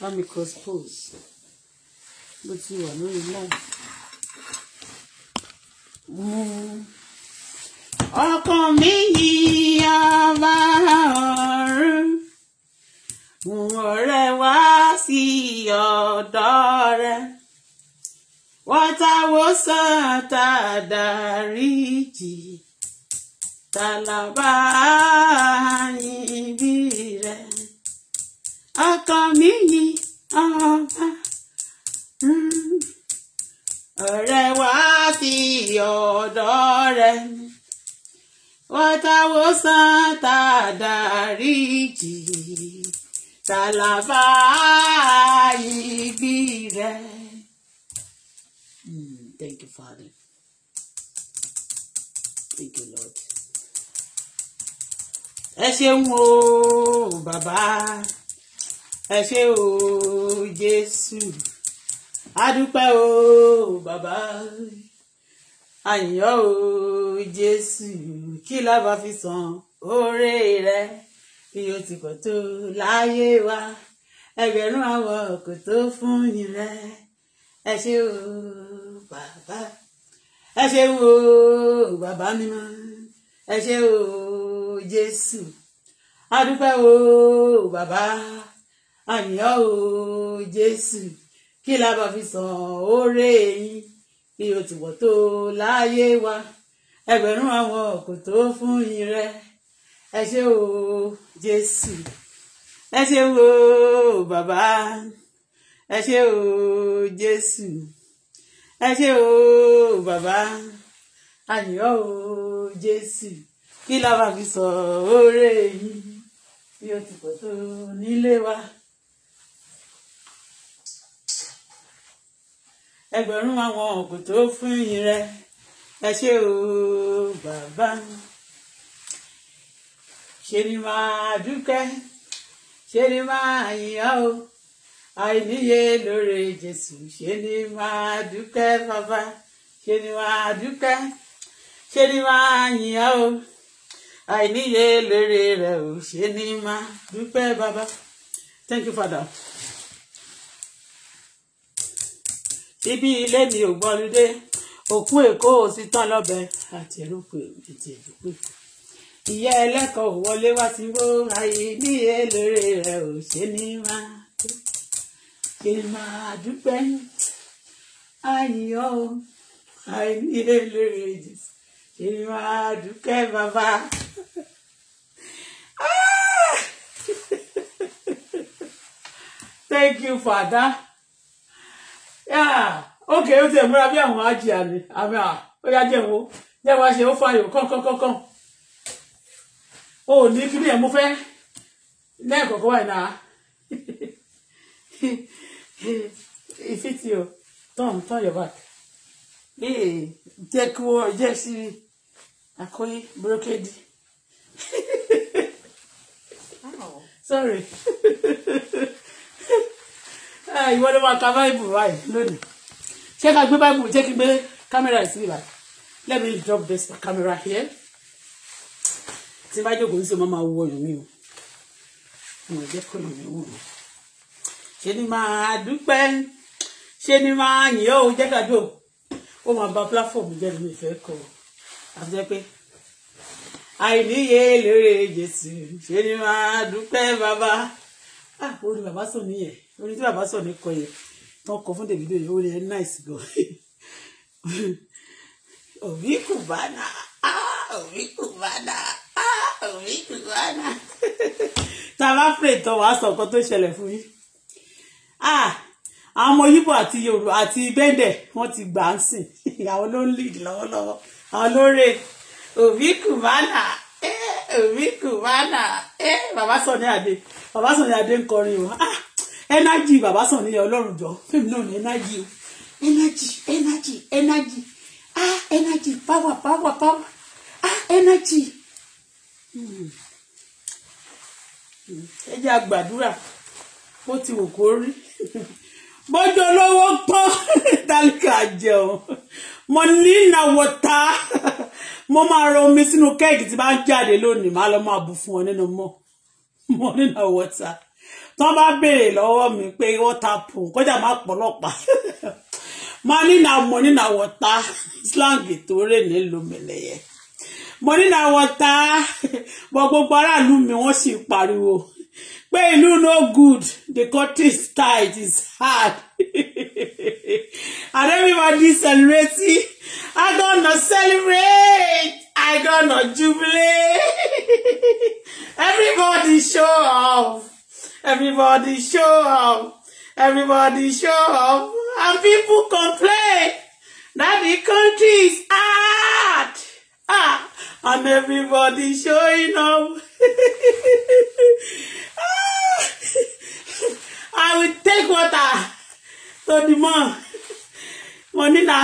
bá mi cross pose bó ti wà lórí in, mú ọkàn mi yí ọba ọ̀run mú ọ̀rẹ́ wá sí ọ̀dọ̀ rẹ wọ́tàwọ́sàn tàdáríjì tàlàbà yìí bí rẹ ọkàn mi yí ọba ọ̀rẹ́ wá fi ọ̀dọ̀ rẹ̀ wọ́táwó sàn tàdárí jì tàlàbà ìgbì rẹ̀. Hmm, thank you, Father. Thank you, Lord. Ẹ ṣeun o, bàbá ẹ ṣé o Jésù adúpẹ́ o bàbá àyìnbó o Jésù kí la bá fi san oore rẹ bí o ti tó láyé wa ẹgbẹ̀rún àwọn kò tó fún yín rẹ ẹ ṣé o bàbá ẹ ṣé o bàbá mímọ́ ẹ ṣé o Jésù adúpẹ́ o bàbá àyàn o jésù kí la bá fi san oore yín kí o ti wọ̀ tó láyé wa ẹgbẹ̀rún àwọn kò tó fún yín rẹ ẹ ṣé o jésù ẹ ṣé o bàbá ẹ ṣé o jésù ẹ ṣé o bàbá àyàn o jésù kí la bá fi san oore yín bí o ti pọ̀ tó nílé wa. ẹgbẹ̀rún àwọn ògùn tó fún yín rẹ ẹ ṣé o bàbá ṣe ni máa dúpẹ́ ṣe ni máa yìnyá o àìníye lóore Jésù ṣe ni máa dúpẹ́ bàbá ṣe ni máa dúpẹ́ ṣe ni máa yìnyá o àìníye lóore rẹ o ṣe ni máa dúpẹ́ bàbá thank you father. ibi ilé mi ò gbọ́ òkú èkó ò sì tán lọ́bẹ̀ àti ẹ̀rọ̀pù ètò ìdúpẹ́. ìyá ẹlẹ́kọ̀ọ́ wọlé wá sí wó ayé ní eléré rẹ̀ ò ṣe ní máa tó ṣe máa dúpẹ́ àyìnbó àìní eléré ṣe máa dúpẹ́ bàbá. Ah! Thank you, Father ókè ah, ó ti ẹ̀ múra bí àwọn ajìyà ni àmì à ó yá jẹun o jẹun wá ṣe ó fa yòó kọ́ńkọ́ńkọ́ńkọ́ń o ò ní kí ni ẹ̀ mú fẹ́ lẹ́ẹ̀kọ̀ọ̀kan wáyé náà ìfìtì o turn turn your back ee jẹ́ kí wọ́n jẹ́ sí àkóyí búrókédì sorry. Ah, ìwọ ló máa ka báìbù báyìí lónìí ṣé ká gbé báìbù jẹ́ kí gbé kámẹ́rà sí ibà let me drop this camera here tí n bá jókòó sí o máa wọ ọyàn mi o mo jẹ́ kó lè wù mí ṣe ni máa dúpẹ́ ṣe ni máa yìn ọ́ jẹ́ ká jò máa ba platform jẹ́ mi ìfẹ́ kọ àti jẹ́ pé àìníye lóore Jésù ṣe ni máa dúpẹ́ bàbá ah orin bàbá sọ nìyẹn orin tí bàbá sọ ní kọ yẹn tán kọ fún Davido yẹn orin yẹn nice gan òbí kù bá nà á ah, òbí kù bá nà ah, òbí kù bá tá a bá pè tán wàá sọ nǹkan tó ṣẹlẹ̀ fún yín ah àwọn ọmọ Yíbò àti Yorùbá àti bẹ́ndẹ̀ wọ́n ti gbà ń sìn àwọn ló ń lead lọ́wọ́lọ́wọ́ àwọn lóore òbí kù bá nà eh. Miku mana. Eh, Baba Sani Ade. Baba Sani ń kọrin o. Ah, energy Baba Ọlọ́run jọ. Fíìmù náà ní energy o. Energy, energy, energy. Ah, energy, power, power, power. Ah, energy. Hmm. Hmm, ẹ jẹ́ a gbàdúrà. Bó ti wù kó rí. Bọ́jọ́ lọ́wọ́ pọ́n. Dálíkà jẹun. Money na water. mo máa ra omi sínú kẹ́ẹ̀gì tí bá ń jáde lónìí máa lọ máa bu fún ọ nínú mọ́ mọ́ nínú wọ́tà tí wọ́n bá béèrè lọ́wọ́ mi pé wọ́tà pù kọjá máa pọ̀ lọ́pàá máa nínà mọ́ nínà wọ́tà slang tó rè nílùú mẹ́lẹ́yẹ mọ́ nínà wọ́tà bọ́ gbogbo aráàlú mi wọ́n sì pariwo pé ìlú no good the country style is hard and everybody celebrating i gonna celebrate i gonna jubilate everybody show off everybody show off everybody show off and people complain that the country is hard ah and everybody showing off. ah, i will take water. Todimọ, mo ní na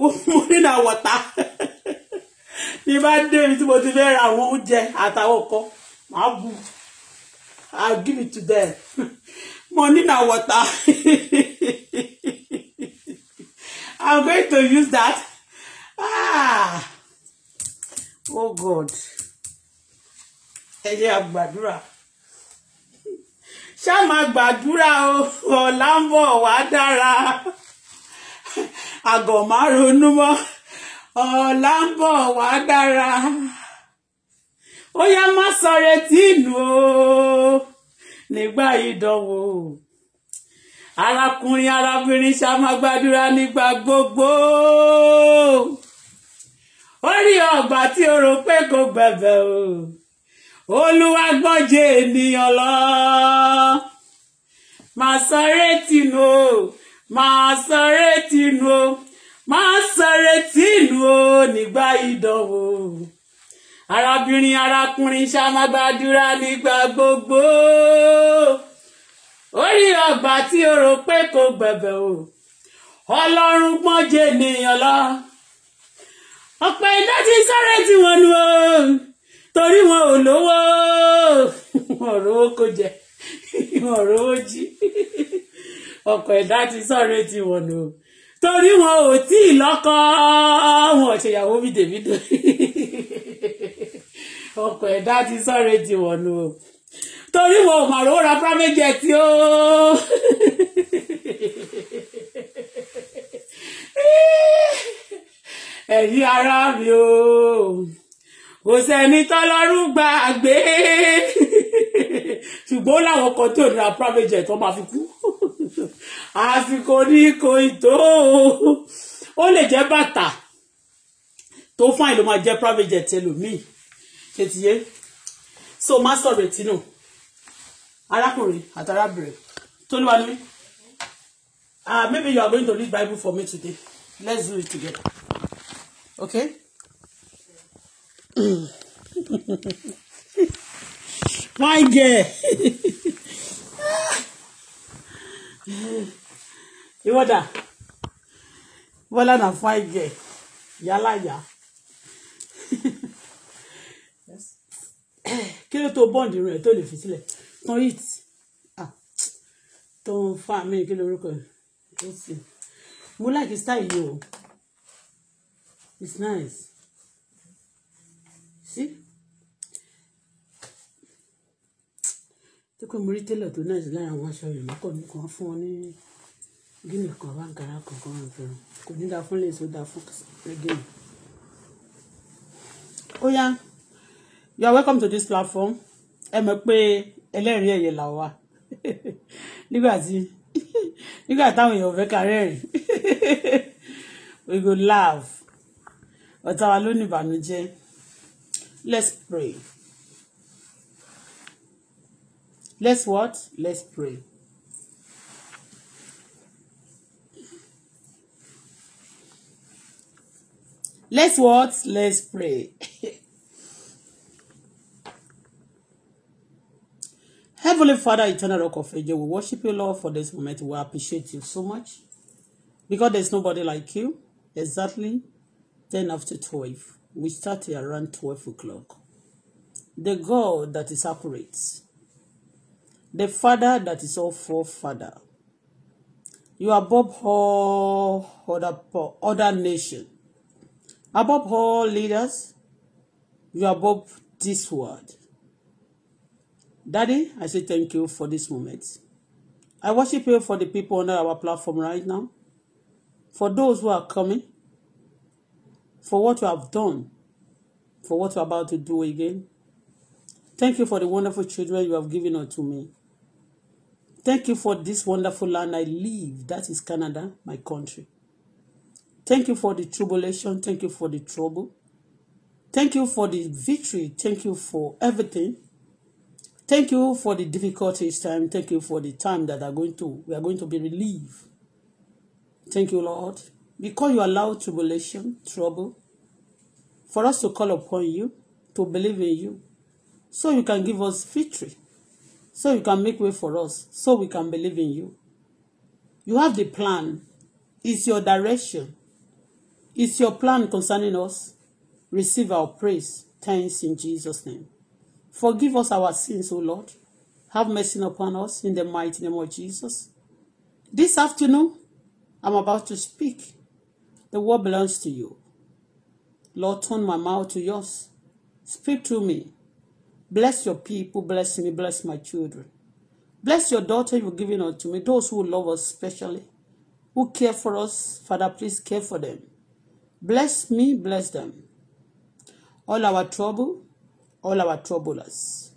mo ní na wọ̀tá. Ní bá dé ibi tí mo ti fẹ́ ra àwọn oúnjẹ àtàwọn ọkọ, màá bu, I'll give it to them. Mo ní na wọ̀tá. I'm going to use that. Ah! Oh God. Ẹ jẹ́ àgbàdúrà ṣá máa gbàdúrà ọ̀la ń bọ̀ wá dára àgọ̀ má ronú mọ́ ọ̀la ń bọ̀ wá dára ó yá má sọ retí ìlú o nígbà ìdánwò arákùnrin arábìnrin ṣá máa gbàdúrà nígbà gbogbo ó rí ọgbà tí o rò pé kò gbẹ̀bẹ̀ o olúwa gbọ́njẹ ènìyàn lọ máa sọ̀rẹ́ tìǹú o máa sọ̀rẹ́ tìǹú o máa sọ̀rẹ́ tìǹú o nígbà ìdánwò arábìnrin arákùnrin ṣá máa gbàdúrà nígbà gbogbo orí ọgbà tí o rò pé kò gbẹ̀bẹ̀ o ọlọ́run gbọ́njẹ ènìyàn lọ ọ̀pọ̀ iná ti sọ̀rẹ́ tí o torí wọn ò lówó wọn ò rówó kó jẹ wọn ò rówó jí ọkọ ẹ̀dá ti sọ̀rọ̀ etí wọn nù torí wọn ò tí ì lọ́kọ wọn ò ṣèyàwó bí Davido ọkọ ẹ̀dá ti sọ̀rọ̀ etí wọn nù torí wọn ò mà rówó ra private o ẹ̀yin ará mi o kò sẹ́ni tọ́lọ́rùn gbàgbé ṣùgbọ́n láwọn kan tó nira private jet wọ́n máa fi kú àsìkò ní kò tó ó lè jẹ́ bàtà tó fáìn ló máa jẹ́ private jet ẹlòmíì ṣètìyé so master retino arákùnrin àti arábìnrin tolúwa ni ah maybe you are going to read Bible for me today let's do it together okay my girl ìwọ́dà bọ́lá náà fún àìgẹ̀ yálàyà kí ló tó bọ́ǹdì rẹ̀ tó lè fi sílẹ̀ tan it ah. tan fa mi kí lorúkọ ó sì mo like style yìí o it's nice. See? tó pé mo rí tẹ́lọ̀ tó náà sí lára àwọn aṣọ yìí lọ́kọ̀ mi kan fún ọ ní gíní kan bá ń gara kankan rẹ̀ fẹ́ràn kò ní da fún lẹ́sọ̀ da fún gíní. ó yá you are welcome to this platform ẹ mọ̀ pé ẹlẹ́rìí ẹ̀yẹ là wà nígbà tí nígbà táwọn èèyàn fẹ́ kárẹ́ rìn we go laugh ọ̀tá wa ló ní ìbànújẹ́. Let's pray. Let's what? Let's pray. Let's what? Let's pray. Heavenly Father, eternal rock of ages, we worship you, Lord, for this moment. We appreciate you so much because there's nobody like you. Exactly 10 after 12. We started around 12 o'clock. The God that is accurate, the Father that is all for Father. you are above all other, other nations, above all leaders, you are above this world. Daddy, I say thank you for this moment. I worship you for the people under our platform right now. For those who are coming, for what you have done, for what you're about to do again. Thank you for the wonderful children you have given unto me. Thank you for this wonderful land I live, that is Canada, my country. Thank you for the tribulation. Thank you for the trouble. Thank you for the victory. Thank you for everything. Thank you for the difficulties time. Thank you for the time that are going to we are going to be relieved. Thank you, Lord because you allow tribulation, trouble, for us to call upon you, to believe in you, so you can give us victory, so you can make way for us, so we can believe in you. You have the plan, it's your direction, it's your plan concerning us. Receive our praise, thanks in Jesus' name. Forgive us our sins, O Lord. Have mercy upon us in the mighty name of Jesus. This afternoon, I'm about to speak the word belongs to you. Lord, turn my mouth to yours. Speak to me. Bless your people. Bless me. Bless my children. Bless your daughter you've given unto me. Those who love us specially, who care for us, Father, please care for them. Bless me. Bless them. All our trouble, all our troublers.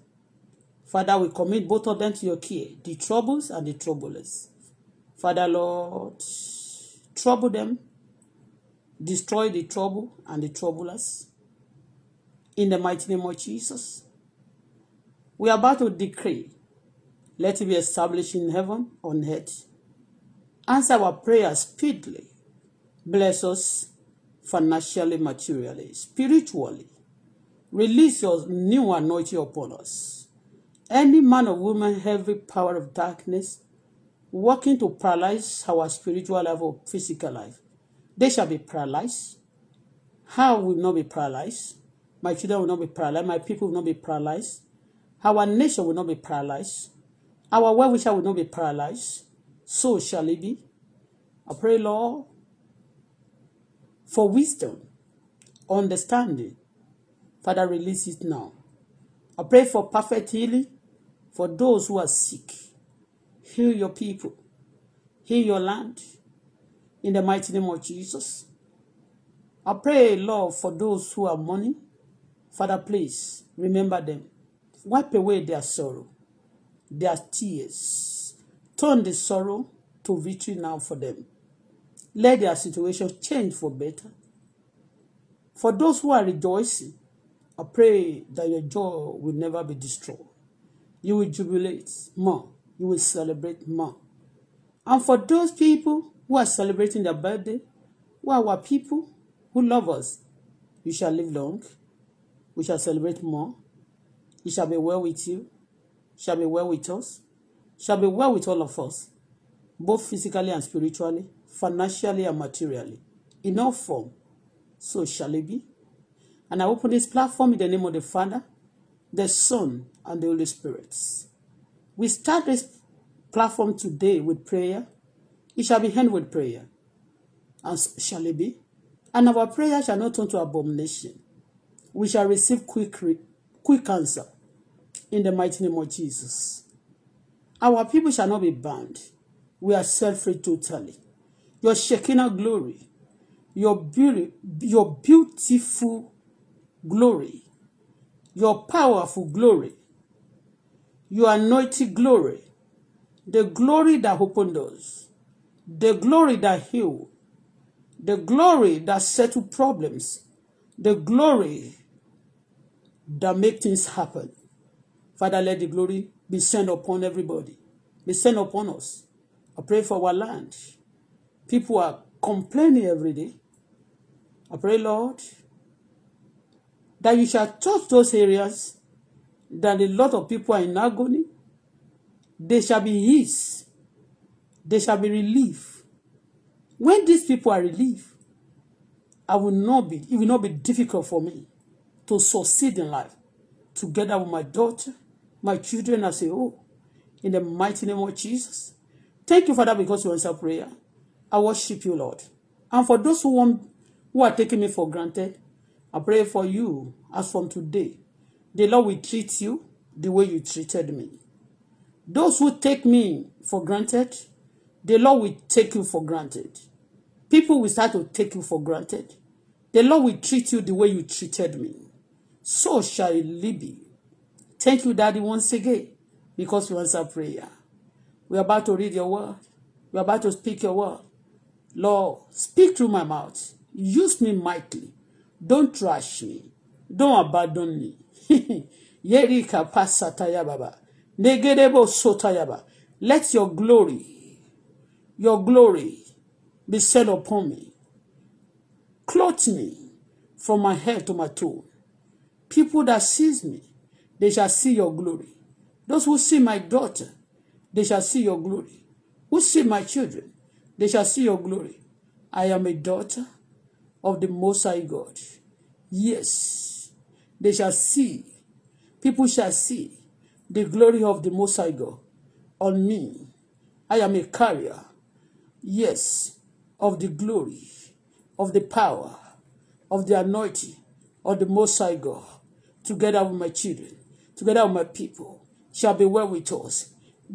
Father, we commit both of them to your care, the troubles and the troublers. Father, Lord, trouble them destroy the trouble and the troublers. In the mighty name of Jesus, we are about to decree, let it be established in heaven, on earth. Answer our prayers speedily. Bless us financially, materially, spiritually. Release your new anointing upon us. Any man or woman, every power of darkness, working to paralyze our spiritual life or physical life, they shall be paralyzed. How will not be paralyzed? My children will not be paralyzed. My people will not be paralyzed. Our nation will not be paralyzed. Our well wisher will not be paralyzed. So shall it be. I pray, Lord, for wisdom, understanding. Father, release it now. I pray for perfect healing for those who are sick. Heal your people. Heal your land. in the mighty name of Jesus. I pray, Lord, for those who are mourning. Father, please remember them. Wipe away their sorrow, their tears. Turn the sorrow to victory now for them. Let their situation change for better. For those who are rejoicing, I pray that your joy will never be destroyed. You will jubilate more. You will celebrate more. And for those people who are celebrating their birthday, who are our people who love us. You shall live long. We shall celebrate more. It shall be well with you. It shall be well with us. It shall be well with all of us, both physically and spiritually, financially and materially, in all form. So shall it be. And I open this platform in the name of the Father, the Son, and the Holy Spirit. We start this platform today with prayer It shall be end with prayer, as shall it be? And our prayer shall not turn to abomination. We shall receive quick, re quick answer in the mighty name of Jesus. Our people shall not be bound. We are set free totally. Your Shekinah glory, your beauty, your beautiful glory, your powerful glory, your anointed glory, the glory that opened doors the glory that heal, the glory that settle problems, the glory that make things happen. Father, let the glory be sent upon everybody, be sent upon us. I pray for our land. People are complaining every day. I pray, Lord, that you shall touch those areas that a lot of people are in agony. They shall be eased They shall be relief. When these people are relief, I will not be, it will not be difficult for me to succeed in life. Together with my daughter, my children, I say, oh, in the mighty name of Jesus. Thank you, Father, because you answer prayer. I worship you, Lord. And for those who want, who are taking me for granted, I pray for you as from today. The Lord will treat you the way you treated me. Those who take me for granted, the Lord will take you for granted. People will start to take you for granted. The Lord will treat you the way you treated me. So shall it be. Thank you, Daddy, once again, because you answer prayer. We are about to read your word. We are about to speak your word. Lord, speak through my mouth. Use me mightily. Don't trash me. Don't abandon me. Yerika pasatayababa. Negerebo yaba. Let your glory your glory be set upon me. Clothe me from my head to my toe. People that sees me, they shall see your glory. Those who see my daughter, they shall see your glory. Who see my children, they shall see your glory. I am a daughter of the Most High God. Yes, they shall see, people shall see the glory of the Most High God on me. I am a carrier Yes, of the glory, of the power, of the anointing, of the Most High God, together with my children, together with my people, shall be well with us.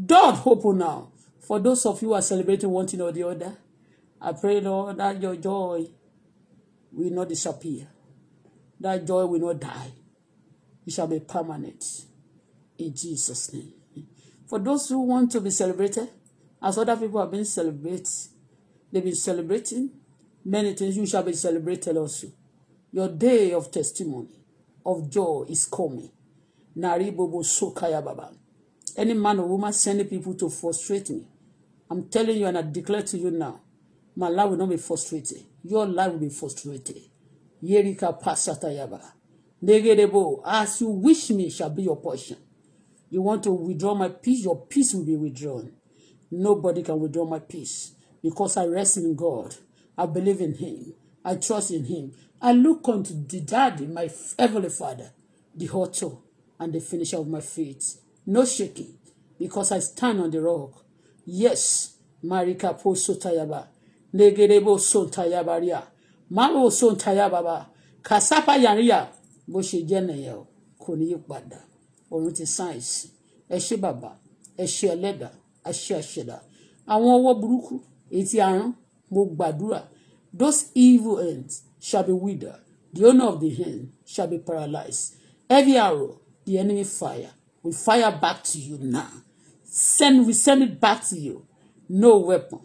God, hope now. For those of you who are celebrating one thing or the other, I pray, Lord, that your joy will not disappear. That joy will not die. It shall be permanent. In Jesus' name. For those who want to be celebrated, As other people have been celebrating, they've been celebrating many things, you shall be celebrated also. Your day of testimony, of joy is coming. Nari Naribobo Sokaya Baba. Any man or woman sending people to frustrate me. I'm telling you and I declare to you now, my life will not be frustrated. Your life will be frustrated. Yerika Pasatayaba. Negerebo, as you wish me shall be your portion. You want to withdraw my peace, your peace will be withdrawn. Nobody can withdraw my peace because I rest in God. I believe in Him. I trust in Him. I look unto the Daddy, my Heavenly Father, the author and the finisher of my feet. No shaking, because I stand on the rock. Yes, Marika po sotayaba, negerebo sotayabaria, maro sotayababa, kasapa yaria, bó ṣe jẹ́ nìyẹn o, kò ní yí padà àṣẹ àṣẹdá àwọn ọwọ́ burúkú ètí arán mo gbàdúrà those evil ends shall be withered the owner of the hand shall be paralyzed every arrow the enemy fire we fire back to you now send we send it back to you no weapon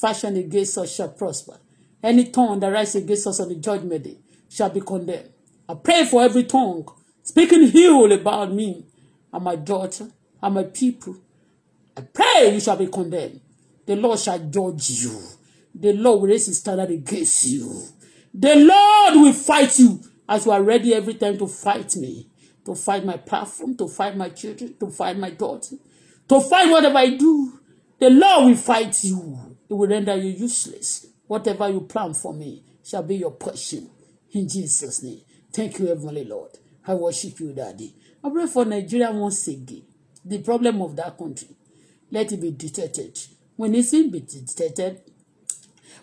fashioned against us shall prosper any tongue that rise against us on the judgment day shall be condemned I pray for every tongue speaking evil about me and my daughter and my people I pray you shall be condemned. The Lord shall judge you. The Lord will raise his standard against you. The Lord will fight you as you are ready every time to fight me, to fight my platform, to fight my children, to fight my daughter, to fight whatever I do. The Lord will fight you. It will render you useless. Whatever you plan for me shall be your portion. In Jesus' name. Thank you, Heavenly Lord. I worship you, Daddy. I pray for Nigeria once again. The problem of that country let it be detected. When it's sin be detected,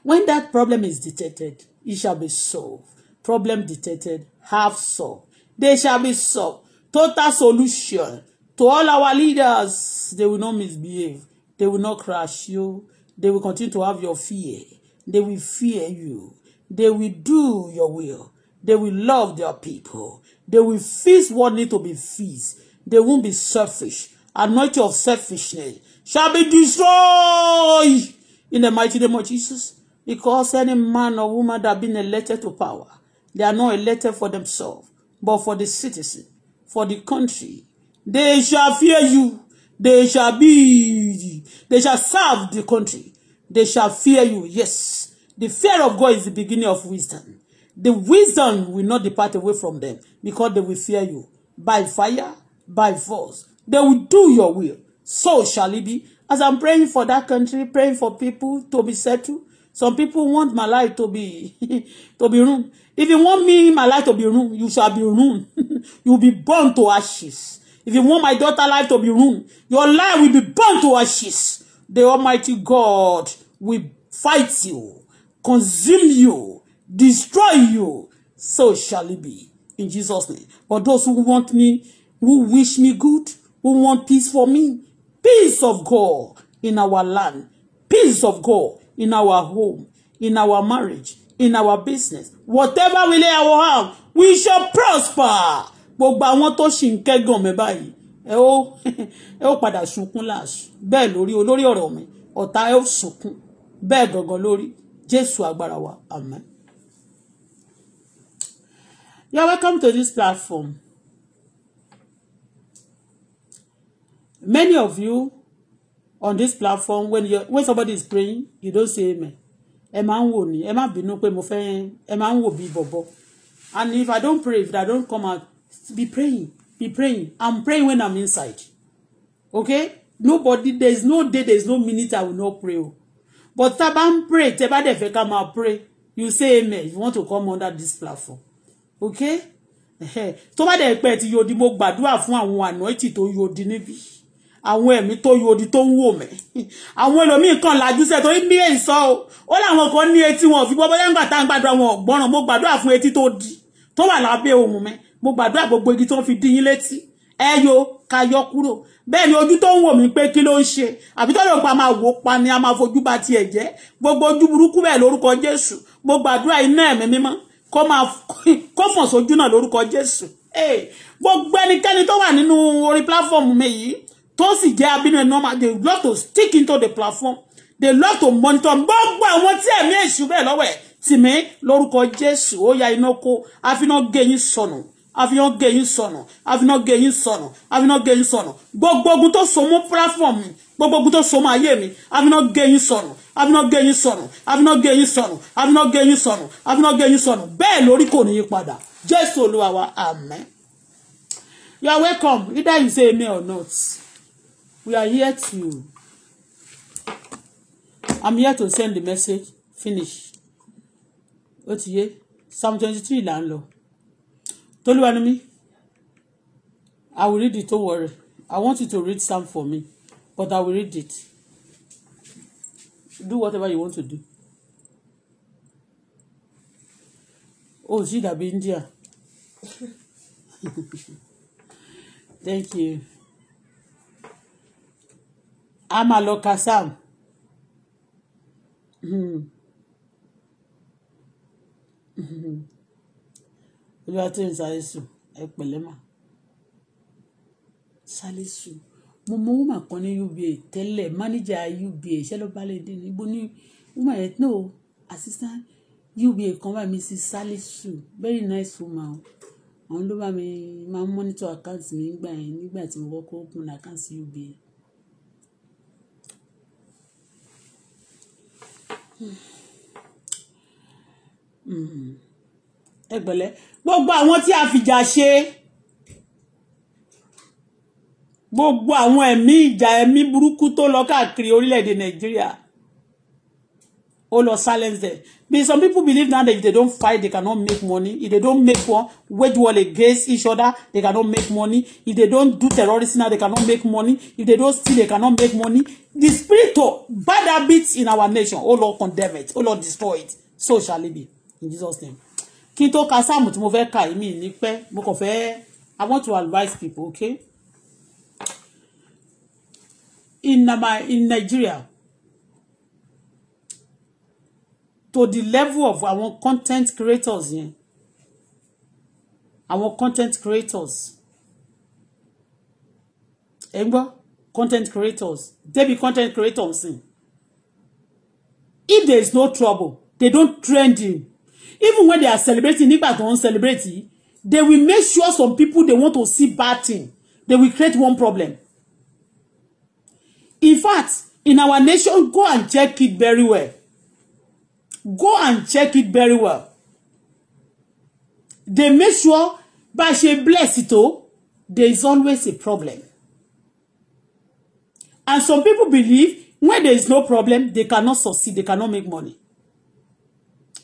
when that problem is detected, it shall be solved. Problem detected, half solved. They shall be solved. Total solution to all our leaders. They will not misbehave. They will not crush you. They will continue to have your fear. They will fear you. They will do your will. They will love their people. They will feast what need to be feast. They won't be selfish. Anoint your selfishness shall be destroyed in the mighty name of Jesus. Because any man or woman that been elected to power, they are not elected for themselves, but for the citizen, for the country. They shall fear you. They shall be, they shall serve the country. They shall fear you. Yes. The fear of God is the beginning of wisdom. The wisdom will not depart away from them because they will fear you by fire, by force. They will do your will so shall it be. As I'm praying for that country, praying for people to be settled. Some people want my life to be to be ruined. If you want me, my life to be ruined, you shall be ruined. You'll be burned to ashes. If you want my daughter life to be ruined, your life will be burned to ashes. The Almighty God will fight you, consume you, destroy you. So shall it be in Jesus' name. But those who want me, who wish me good, who want peace for me, Peace of God in our land. Peace of God in our home, in our marriage, in our business. Whatever we lay our hand, we shall prosper. Gbogbo àwọn tó ṣì ń kẹ́gàn mi báyìí, ẹ ó ẹ ó padà sunkún láàṣù. Bẹ́ẹ̀ lórí olórí ọ̀rọ̀ mi, ọ̀tá ẹ ó sunkún. Bẹ́ẹ̀ gangan lórí Jésù agbára wa, àmín. You are welcome to this platform. Many of you on this platform when you when somebody is praying you don't say amen ẹ máa ń wò ní ẹ má bínú pé mo fẹ́ ẹ máa ń wò bí bọ̀bọ̀ and if I don't pray if I don't come out be praying be praying I'm praying when I'm inside okay nobody there is no day there is no minute I will not pray o but tá a pray tẹ bá dẹ̀ fẹ́ pray you say amen if you want to come under this platform okay tó bá dẹ̀ pẹ́ ti yodi mo gbàdúrà fún àwọn àná ètì tó yodi níbí àwọn ẹ̀mí tó yọ odi tó ń wò mí àwọn ẹlòmíì kan làjú sẹ́ torí bí èyí sọ o ó láwọn kan ní etí wọn fi gbọ́ bóyá ńgbà tá à ń gbàdúrà wọn gbọ́ràn mo gbàdúrà fún etí tó di tó wà lábẹ́ ohun mi mo gbàdúrà gbogbo igi tó ń fi dín yín létí ẹ yo ká yọ kúrò bẹ́ẹ̀ ni ojú tó ń wò mí pé kí ló ń ṣe àbí tó lóun pa máa wò pa ni a máa fojú ba tiẹ̀ jẹ́ gbogbo ojú burúkú bẹ́ẹ̀ lórúkọ Jésù mo gbàdúrà iná ẹ̀mí mímọ́ kó máa kó fọ̀n sójú náà lórúkọ Jésù gbogbo ẹnikẹ́ni tó wà nínú orí pláfọ́ọ̀mù mi yìí tó sì jẹ́ abínú ẹ̀ normal they love to stick into the platform they love to monitor gbogbo àwọn tí ẹ̀mí èṣù bẹ́ẹ̀ lọ́wọ́ ẹ̀ tì mí lórúkọ Jésù ó ya iná kó àfihàn gẹ̀yìn sọnù àfihàn gẹ̀yìn sọnù àfihàn gẹ̀yìn sọnù àfihàn gẹ̀yìn sọnù gbogbo ogun tó so mọ́ platform mi gbogbo ogun tó so mọ́ ayé mi àfihàn gẹ̀yìn sọnù àfihàn gẹ̀yìn sọnù àfihàn gẹ̀yìn sọnù àfihàn gẹ̀yìn sọnù àfihàn gẹ̀yìn sọnù bẹ́ẹ̀ lórí kò ní í padà Jésù Olúwa wa àmín you are welcome either you say amen or not we are here to i'm here to send the message finish ó ti yé psalm twenty three là ń lọ tolúwanimi i will read it don't worry i want you to read psalm for me but i will read it do whatever you want to do oh ṣì dàbí india thank you a máa lọ ka sam olúwa tó ń Salisu ẹ pẹ̀lẹ́ mà Salisu mo mọ woman kan ní uba tẹ́lẹ̀ manager uba ṣẹlọ́balẹ̀dẹ níbo ní woman yẹn no assistant uba kan bá mi sí Salisu very nice woman àwọn ló bá mi máa ń monitor account mi nígbà yẹn nígbà tí mo kọ́kọ́ open account uba Hmm. Hmm. ẹ pẹ̀lẹ́ gbogbo àwọn tí a fìjà ṣe gbogbo àwọn ẹ̀mí ìjà ẹ̀mí burúkú tó lọ káàkiri orílẹ̀-èdè nàìjíríà Oh Lord, silence them. Because some people believe now that if they don't fight, they cannot make money. If they don't make war, wage war against each other, they cannot make money. If they don't do terrorism now, they cannot make money. If they don't steal, they cannot make money. The spirit of bad habits in our nation, oh Lord, condemn it. Oh Lord, destroy it. So shall it be. In Jesus' name. Kí n tó ka sáàmù tí mo fẹ́ kà mí ní pẹ́, mo kàn fẹ́, I want to advise people, okay? In, my, in Nigeria, to the level of àwọn content creators yẹn àwọn content creators ẹ ń gbọ́ content creators they be content creators in if there is no trouble they don't trend him even when they are celebrating nígbà tó ń celebrate they will make sure some people they want to see bad thing they will create one problem in fact in our nation go and check it very well go and check it very well they make sure bá a bless it o there is always a problem and some people believe when there is no problem they cannot succeed they cannot make money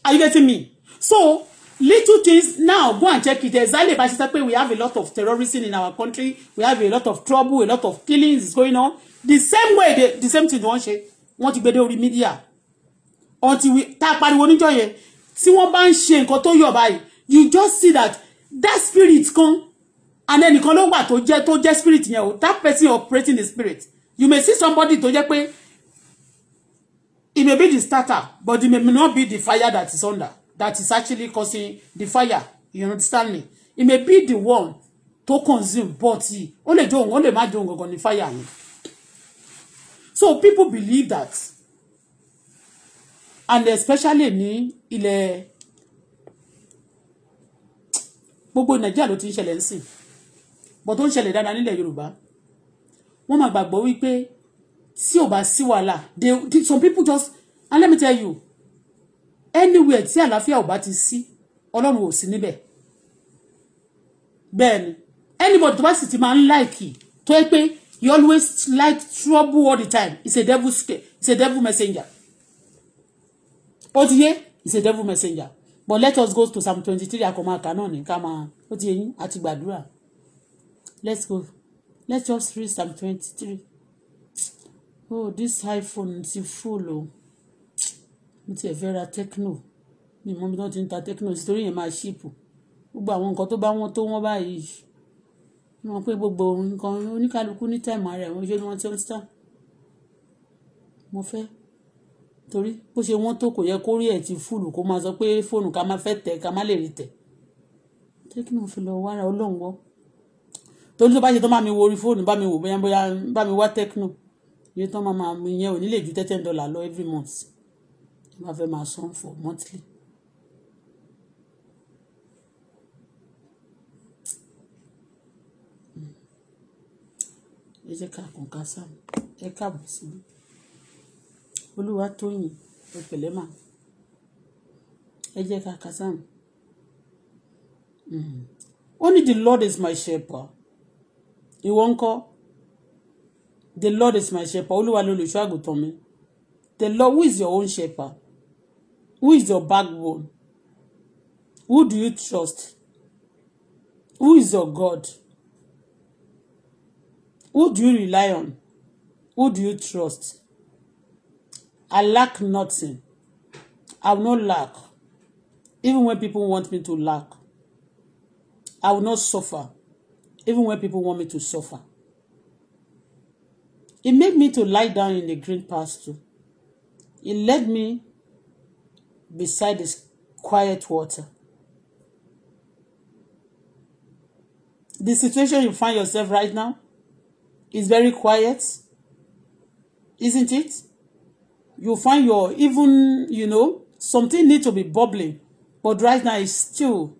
are you getting me so little things now go and check it exactly bá a ṣe sọ pé we have a lot of terrorism in our country we have a lot of trouble a lot of killings is going on the same way they, the same thing wọ́n ṣe wọ́n ti gbé dé orí media until we tá a pariwo níjọ́ yẹn tí wọ́n bá ń ṣe nǹkan tó yọ̀ you just see that that spirit kan and ẹnìkan ló wà tó jẹ́ tó jẹ́ spirit yẹn o that person operating the spirit you may see somebody tó jẹ́ pé it may be the starter but it may not be the fire that is under that is actually causing the fire you understand me it may be the one to consume but ó lè jó òun ó lè má jó òun gangan ní fire yẹn so people believe that and especially ní ilẹ̀ gbogbo nàìjíríà ló ti ń ṣẹlẹ̀ ń sìn bọ́ tó ń ṣẹlẹ̀ dáadáa nílẹ̀ yorùbá wọ́n máa gbàgbọ́ wípé tí ò bá sí wàhálà they some people just and let me tell you anywhere tí àlàáfíà ò bá ti sí ọlọ́run ò sí níbẹ̀ bẹ́ẹ̀ ni anybody tó bá sì ti máa ń láìkì tó yẹ pé you always like trouble all the time it's a devil it's a devil messenger ó ti yé it's a devil messenger but let us go to psalm twenty three àkọ́mọ́ àká náà ní ká máa ó ti yé àti gbàdúrà let's go let's just read psalm twenty three oh this iphone ti full o mo ti ẹ̀ fẹ́ ra tecno mi mọ́ mi náà ti ń ta tecno sítorí yẹn máa ṣíìpù gbogbo àwọn nǹkan tó bá wọn tó wọn báyìí wọn pé gbogbo nǹkan oníkálukú ní táìmù ara ẹ̀ wọ́n ṣe ni wọ́n ti ń tán mo fẹ́ torí bó ṣe wọ́n tó kò yẹ kó rí ẹ̀ ti fúlù kó máa sọ pé fóònù ká má fẹ́ tẹ̀ ká má lè rí tẹ̀ jẹ́ kí n fi lọ wára ọlọ́run wọ́ torí tó bá ṣe tó máa mi wo orí fóònù bá mi wò bóyá bóyá bá mi wá tẹ́kínù iye tó máa máa yẹn ò ní lè ju thirteen dollar lọ every month bá fẹ́ máa san for monthly. ẹ jẹ́ ká kàn ká sáà ẹ káàbọ̀ síbí. Olúwatóyìn, ẹ pẹ̀lẹ́ ma. Ẹ jẹ́ ká ka hmm. Only the Lord is my shepherd. Ìwọ ńkọ́? The Lord is my shepherd. Olúwa ló olùṣọ́ àgùntàn mi. The Lord who is your own shepherd? Who is your backbone? Who do you trust? Who is your God? Who do you rely on? Who do you trust? I lack nothing. I will not lack. Even when people want me to lack, I will not suffer. Even when people want me to suffer. It made me to lie down in the green pasture. It led me beside this quiet water. The situation you find yourself right now is very quiet, isn't it? you find your even you know something need to be bubbling but right now it's still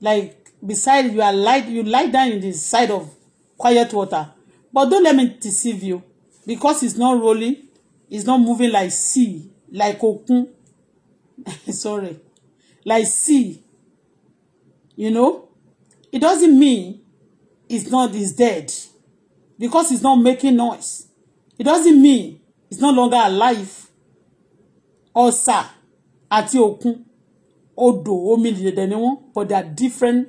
like beside you are light you lie down in the side of quiet water but don't let me deceive you because it's not rolling it's not moving like sea like okun sorry like sea you know it doesn't mean it's not it's dead because it's not making noise it doesn't mean it's no longer alive ọ̀sà àti òkun odò omi dẹ̀dẹ̀ ni wọ́n but they are different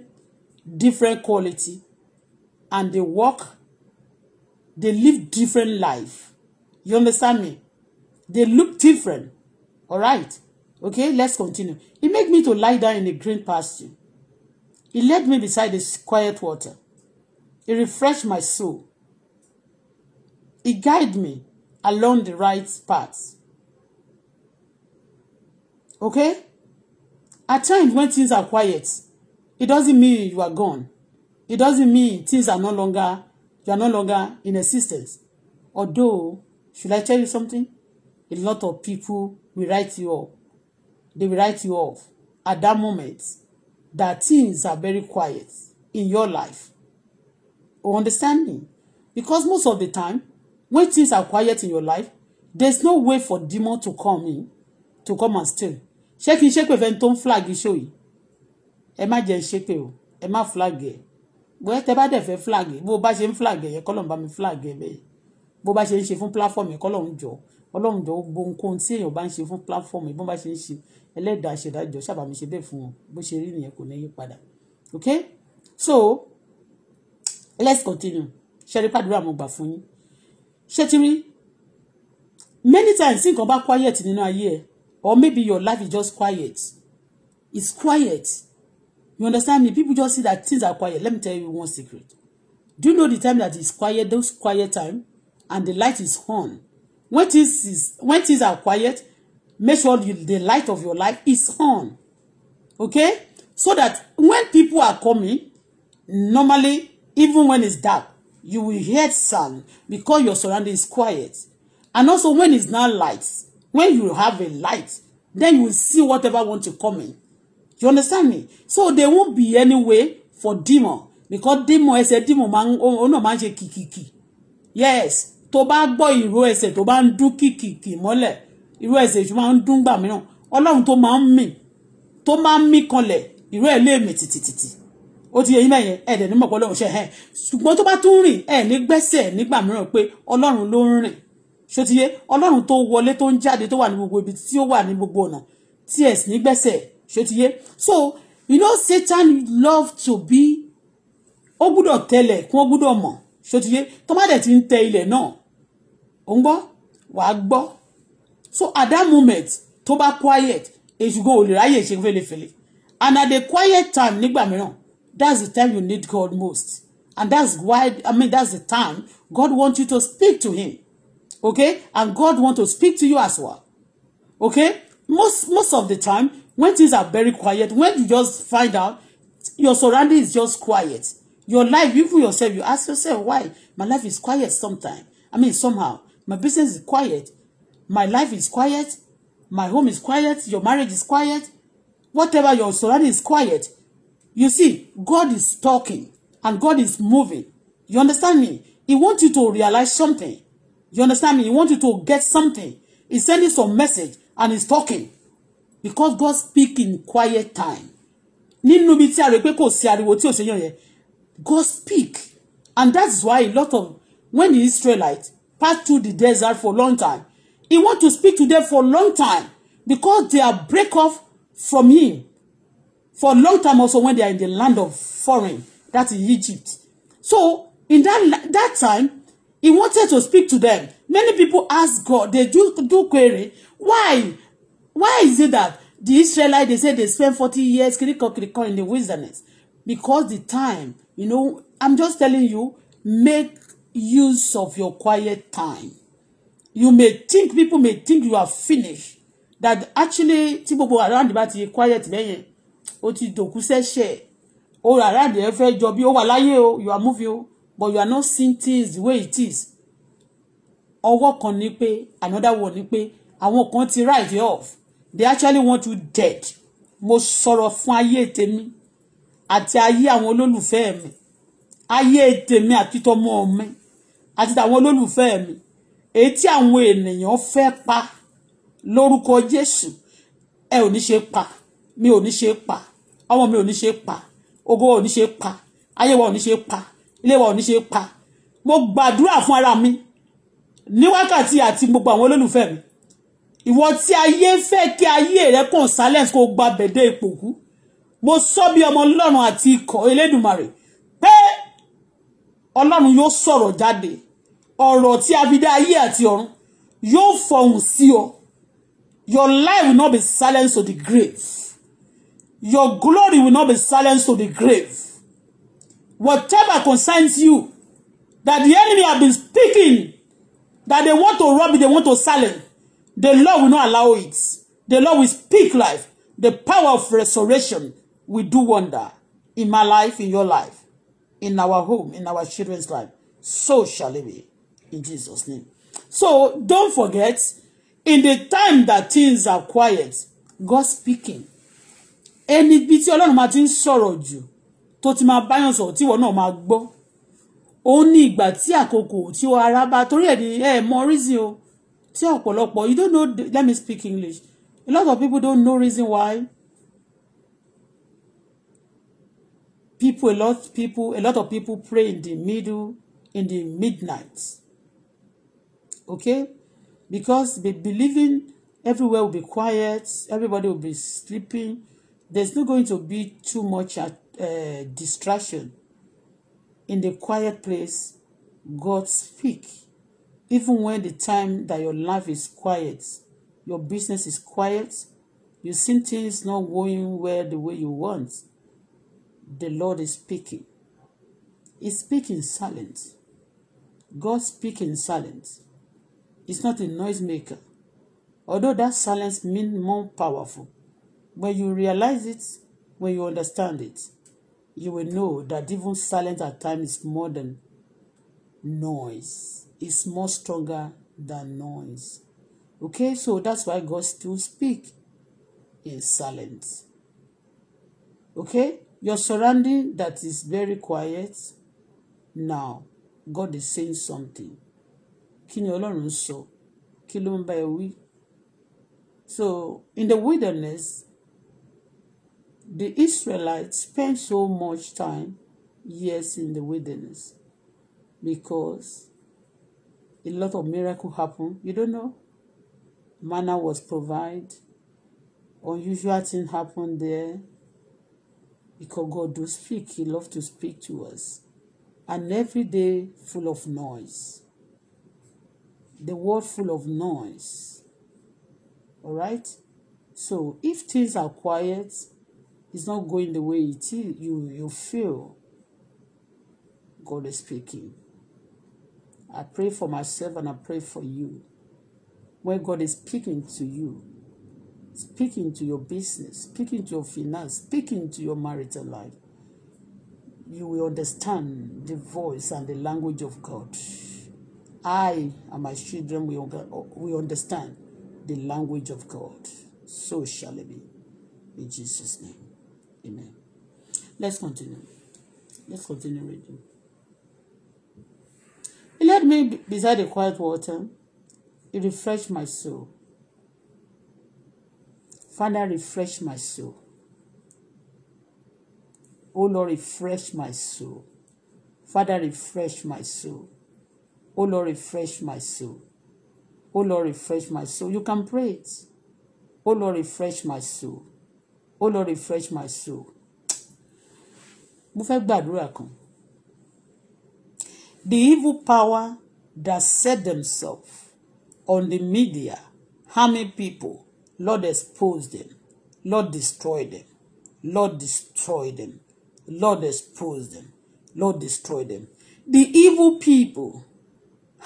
different quality and they work they live different life you understand me they look different alright okay let's continue he make me to lie down in a green pasture he led me beside a quiet water he refreshed my soul he guide me along the right path. Okay? At times when things are quiet, it doesn't mean you are gone. It doesn't mean things are no longer, you are no longer in existence. Although, should I tell you something? A lot of people will write you off. They will write you off at that moment that things are very quiet in your life. You understand me? Because most of the time, When things are quiet in your life, there's no way for demon to come in, to come and steal. Ṣé kí n ṣépè fẹ́ni tó ń flag show yìí? Ẹ má jẹ́ ṣépè o, ẹ má flag ẹ̀. Bóyá tẹ bá dẹ̀ fẹ́ flag ẹ̀, bó o bá ṣe ń flag ẹ̀ yẹ k'Ọlọ́run bá mi flag ẹ̀ bẹ́ẹ̀. Bó o bá ṣe ń ṣe fún platform yẹ k'Ọlọ́run jọ. Ọlọ́run jọ gbogbo ohunkóhun tí èèyàn bá ń ṣe fún platform yìí, bó bá ṣe ń ṣe ẹlẹ́dàá ṣẹ̀dájọ́ ṣàbàmì ṣe bẹ́ẹ̀ fún wọn. Bó ṣe rí nìyẹn kò ní yí padà. Okay? So, let's continue. Ṣé rí pàdúrà mo gbà fún yín? ṣé ti rí many times tí nǹkan bá quiet nínú ayé ẹ or maybe your life is just quiet it's quiet you understand me people just see that things are quiet let me tell you one secret do you know the time that it's quiet those quiet time and the light is on when things is when things are quiet make sure you, the light of your life is on okay so that when people are coming normally even when it's dark you will hear sound because your surrounding is quiet and also when it's not light when you have a light then you will see whatever want to come in you understand me so there won't be any way for demon because demon ẹsẹ̀ demon máa ń ó náà máa ń Yes, kìkìkì yes tó bá gbọ́ ìró ẹsẹ̀ tó bá ń dún kìkìkì mọ́lẹ̀ ìró ẹsẹ̀ tó máa ń dún gbà mìíràn ọlọ́run tó máa ń mì tó máa ń mì kanlẹ̀ ìró ẹ̀ lè mì tìtìtìtì ó ti yẹyin mẹ́yẹn ẹ̀ dẹ̀ ní mọ̀pọ̀ ọlọ́run ṣe ẹ̀ ṣùgbọ́n tó bá tún rìn ẹ̀ ní gbẹ́sẹ̀ nígbà mìíràn pé ọlọ́run ló ń rìn ṣòtiyé ọlọ́run tó wọlé tó ń jáde tó wà ní gbogbo ibi tí ó wà ní gbogbo ọ̀nà tí ẹ̀ sì ní gbẹ́sẹ̀ ṣòtiyé so you know Satan love to be ó gbúdọ̀ tẹlẹ̀ kún ó gbúdọ̀ mọ̀ ṣòtiyé tó má dẹ̀ ti ń tẹ ilẹ̀ náà ò ń gbọ́ wàá gbọ́ so at that moment tó bá quiet èṣù gan olè ráyè ṣe fẹ́lẹ́fẹ́lẹ́ and at the quiet time nígbà mìíràn That's the time you need God most. And that's why, I mean, that's the time God wants you to speak to Him. Okay? And God wants to speak to you as well. Okay? Most most of the time, when things are very quiet, when you just find out your surrounding is just quiet. Your life, even yourself, you ask yourself, why? My life is quiet sometimes. I mean, somehow. My business is quiet. My life is quiet. My home is quiet. Your marriage is quiet. Whatever your surrounding is quiet. You see, God is talking and God is moving. You understand me? He wants you to realize something. You understand me? He wants you to get something. He's sending some message and he's talking. Because God speaks in quiet time. Nínú ibi tí a rè pé kò sí ariwo tí ò ṣe yàn yẹn, God speak. And that's why a lot of when the Israelites passed through the desert for long time, he want to speak to them for long time because they are break off from him for long time also when they are in the land of foreign, that is Egypt. So in that that time, he wanted to speak to them. Many people ask God, they do do query, why? Why is it that the Israelites they say they spent forty years kiriko kiriko in the wilderness? Because the time, you know, I'm just telling you, make use of your quiet time. You may think people may think you are finished. That actually, tí gbogbo around about ti quiet bẹ́yẹn ó ti dòkú sẹ́sẹ̀ ó rà ráàdì ẹ fẹ́ jọ bí ó wà láyé o you are moving o but you are not seeing things the way it is ọwọ́ kan ni pé another one ni pé àwọn kan ti write it off they actually want you dead mo sọ̀rọ̀ fún ayé tèmi àti ayé àwọn olólùfẹ́ mi ayé tèmi àti tọmọ mi àti tàwọn olólùfẹ́ mi èyí tí àwọn ènìyàn fẹ́ pa lórúkọ Jésù ẹ ò ní ṣe pa mi ò ní ṣe pa ọmọ mi ò ní ṣe pa ògo ò ní ṣe pa ayé wa ò ní ṣe pa ilé wa ò ní ṣe pa mo gbàdúrà fún ara mi ní wákàtí àti gbogbo àwọn olólùfẹ́ mi ìwọ tí ayé fẹ́ kí ayé rẹ kàn silence kó gba bẹ̀dẹ̀ ipò kú mo sọ bí ọmọ ọlọ́run àti ikọ̀ elédùnmarè pé ọlọ́run yóò sọ̀rọ̀ jáde ọ̀rọ̀ tí a fi dá ayé àti ọ̀run yóò fọ̀hùn sí ọ your life will not be silenced to the grave. Your glory will not be silenced to the grave. Whatever concerns you, that the enemy have been speaking, that they want to rob you, they want to silence, the Lord will not allow it. The Lord will speak life. The power of restoration will do wonder in my life, in your life, in our home, in our children's life. So shall it be in Jesus' name. So don't forget, in the time that things are quiet, God speaking ẹni bíi tí ọlọ́run máa ti ń sọ̀rọ̀ jù tó ti máa báyàn sọ̀rọ̀ tíwọ náà máa gbọ́ òun ní ìgbà tí àkókò tí ara bá torí ẹ̀ ní ẹ̀ mọ reason o tí ọ̀pọ̀lọpọ̀ you don't know let me speak English a lot of people don't know reason why people a lot people a lot of people pray in the middle in the midnight okay because they believing everywhere will be quiet everybody will be sleeping There's not going to be too much uh, uh, distraction. In the quiet place, God speak. Even when the time that your life is quiet, your business is quiet, you see things not going well the way you want, the Lord is speaking. He speaks in silence. God speaks in silence. He's not a noisemaker. Although that silence means more powerful, When you realize it, when you understand it, you will know that even silence at times is more than noise. It's more stronger than noise. Okay, so that's why God still speak in silence. Okay, your surrounding that is very quiet now God is saying something. Kí ni Ọlọ́run sọ? Kí ló ń So in the wilderness The Israelites spent so much time, years in the wilderness because a lot of miracle happened. You don't know. Manna was provided. Unusual thing happened there because God do speak. He loved to speak to us. And every day full of noise. The world full of noise. All right? So if things are quiet, it's not going the way it is, you, you feel, God is speaking. I pray for myself and I pray for you. When God is speaking to you, speaking to your business, speaking to your finance, speaking to your marital life, you will understand the voice and the language of God. I and my children we will understand the language of God. So shall it be. In Jesus' name. Amen. Let's continue. Let's continue reading. He led me beside the quiet water. He refreshed my soul. Father, refresh my soul. Oh Lord, refresh my soul. Father, refresh my soul. Oh Lord, refresh my soul. Oh Lord, refresh my soul. You can pray it. Oh Lord, refresh my soul. Oh Lord, refresh my soul. Mo fẹ́ gbàdúrà kan. The evil power that set themselves on the media, harming people, Lord expose them. Lord destroy them. Lord destroy them. Lord expose them. Lord destroy them. The evil people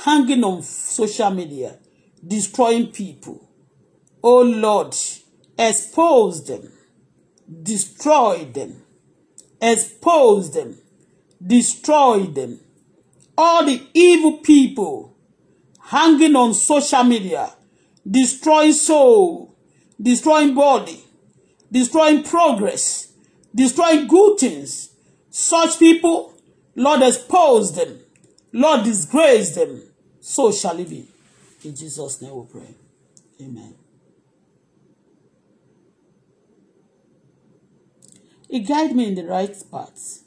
hanging on social media, destroying people. Oh Lord, expose them destroy them, expose them, destroy them. All the evil people hanging on social media, destroying soul, destroying body, destroying progress, destroying good things. Such people, Lord, expose them. Lord, disgrace them. So shall it be. In Jesus' name we pray. Amen. He guide me in the right path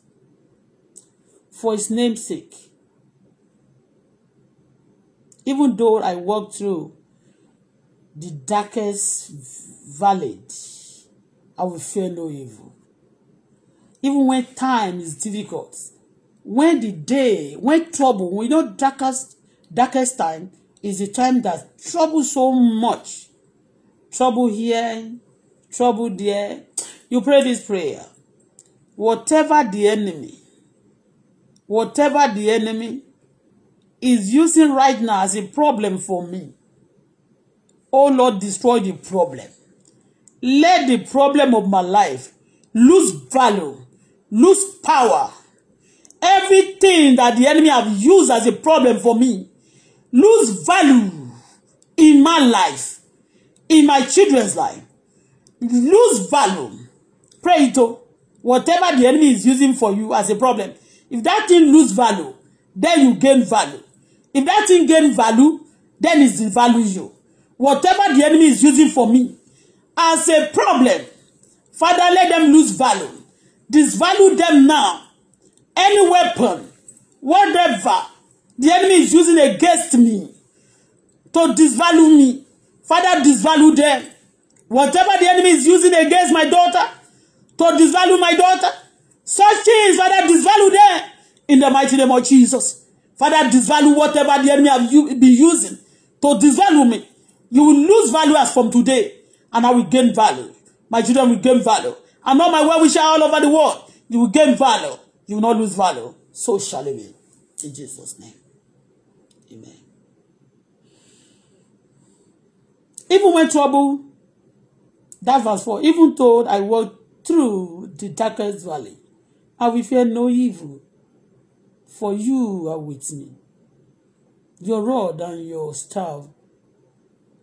for his name's sake. Even though I walk through the darkest valley, I will fear no evil. Even when time is difficult, when the day, when trouble, we you know darkest darkest time is the time that trouble so much. Trouble here, trouble there. You pray this prayer. Whatever the enemy, whatever the enemy is using right now as a problem for me, oh Lord, destroy the problem. Let the problem of my life lose value, lose power. Everything that the enemy have used as a problem for me, lose value in my life, in my children's life. Lose value. Pray to. Whatever the enemy is using for you as a problem, if that thing lose value, then you gain value. If that thing gain value, then it's you. Whatever the enemy is using for me as a problem, Father, let them lose value. Disvalue them now. Any weapon, whatever the enemy is using against me to disvalue me, Father, disvalue them. Whatever the enemy is using against my daughter, to devalue my daughter. Such things, Father, devalue them in the mighty name of Jesus. Father, devalue whatever the enemy have been using to devalue me. You will lose value as from today, and I will gain value. My children will gain value. And all my well-wisher all over the world, you will gain value. You will not lose value. So shall it be. In Jesus' name. Amen. Even when trouble, that verse 4, even though I walk through the darkest valley. I will fear no evil, for you are with me. Your rod and your staff,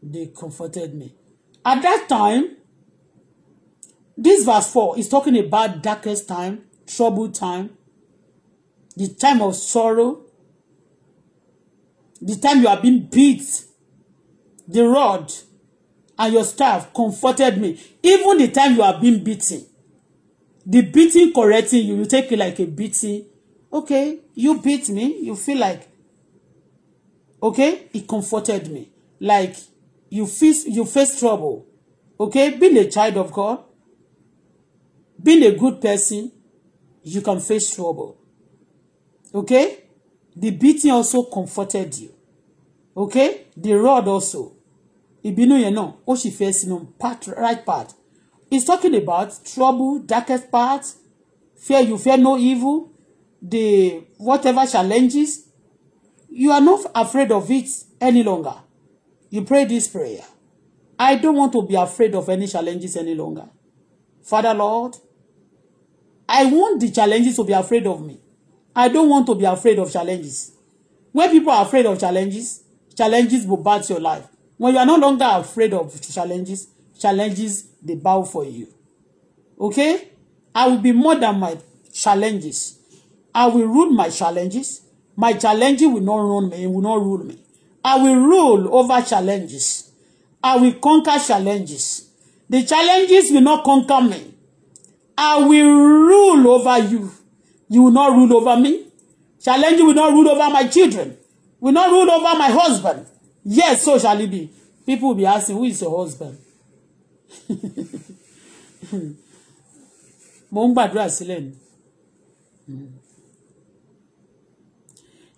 they comforted me. At that time, this verse four is talking about darkest time, trouble time, the time of sorrow, the time you are being beat, the rod and your staff comforted me. Even the time you are being beaten, the beating correcting you you take it like a beating okay you beat me you feel like okay it comforted me like you face you face trouble okay being a child of God being a good person you can face trouble okay the beating also comforted you okay the rod also ìbínú yẹn náà O sì fẹ́ sínú part right part It's talking about trouble, darkest part, fear you fear no evil, the whatever challenges. You are not afraid of it any longer. You pray this prayer. I don't want to be afraid of any challenges any longer. Father Lord, I want the challenges to be afraid of me. I don't want to be afraid of challenges. When people are afraid of challenges, challenges will bat your life. When you are no longer afraid of challenges, challenges they bow for you okay I will be more than my challenges I will rule my challenges my challenges will not rule me will not rule me I will rule over challenges I will conquer challenges the challenges will not conquer me I will rule over you you will not rule over me challenges will not rule over my children will not rule over my husband yes so shall it be people will be asking who is your husband mo ń gbàdúrà sílẹ̀ ni.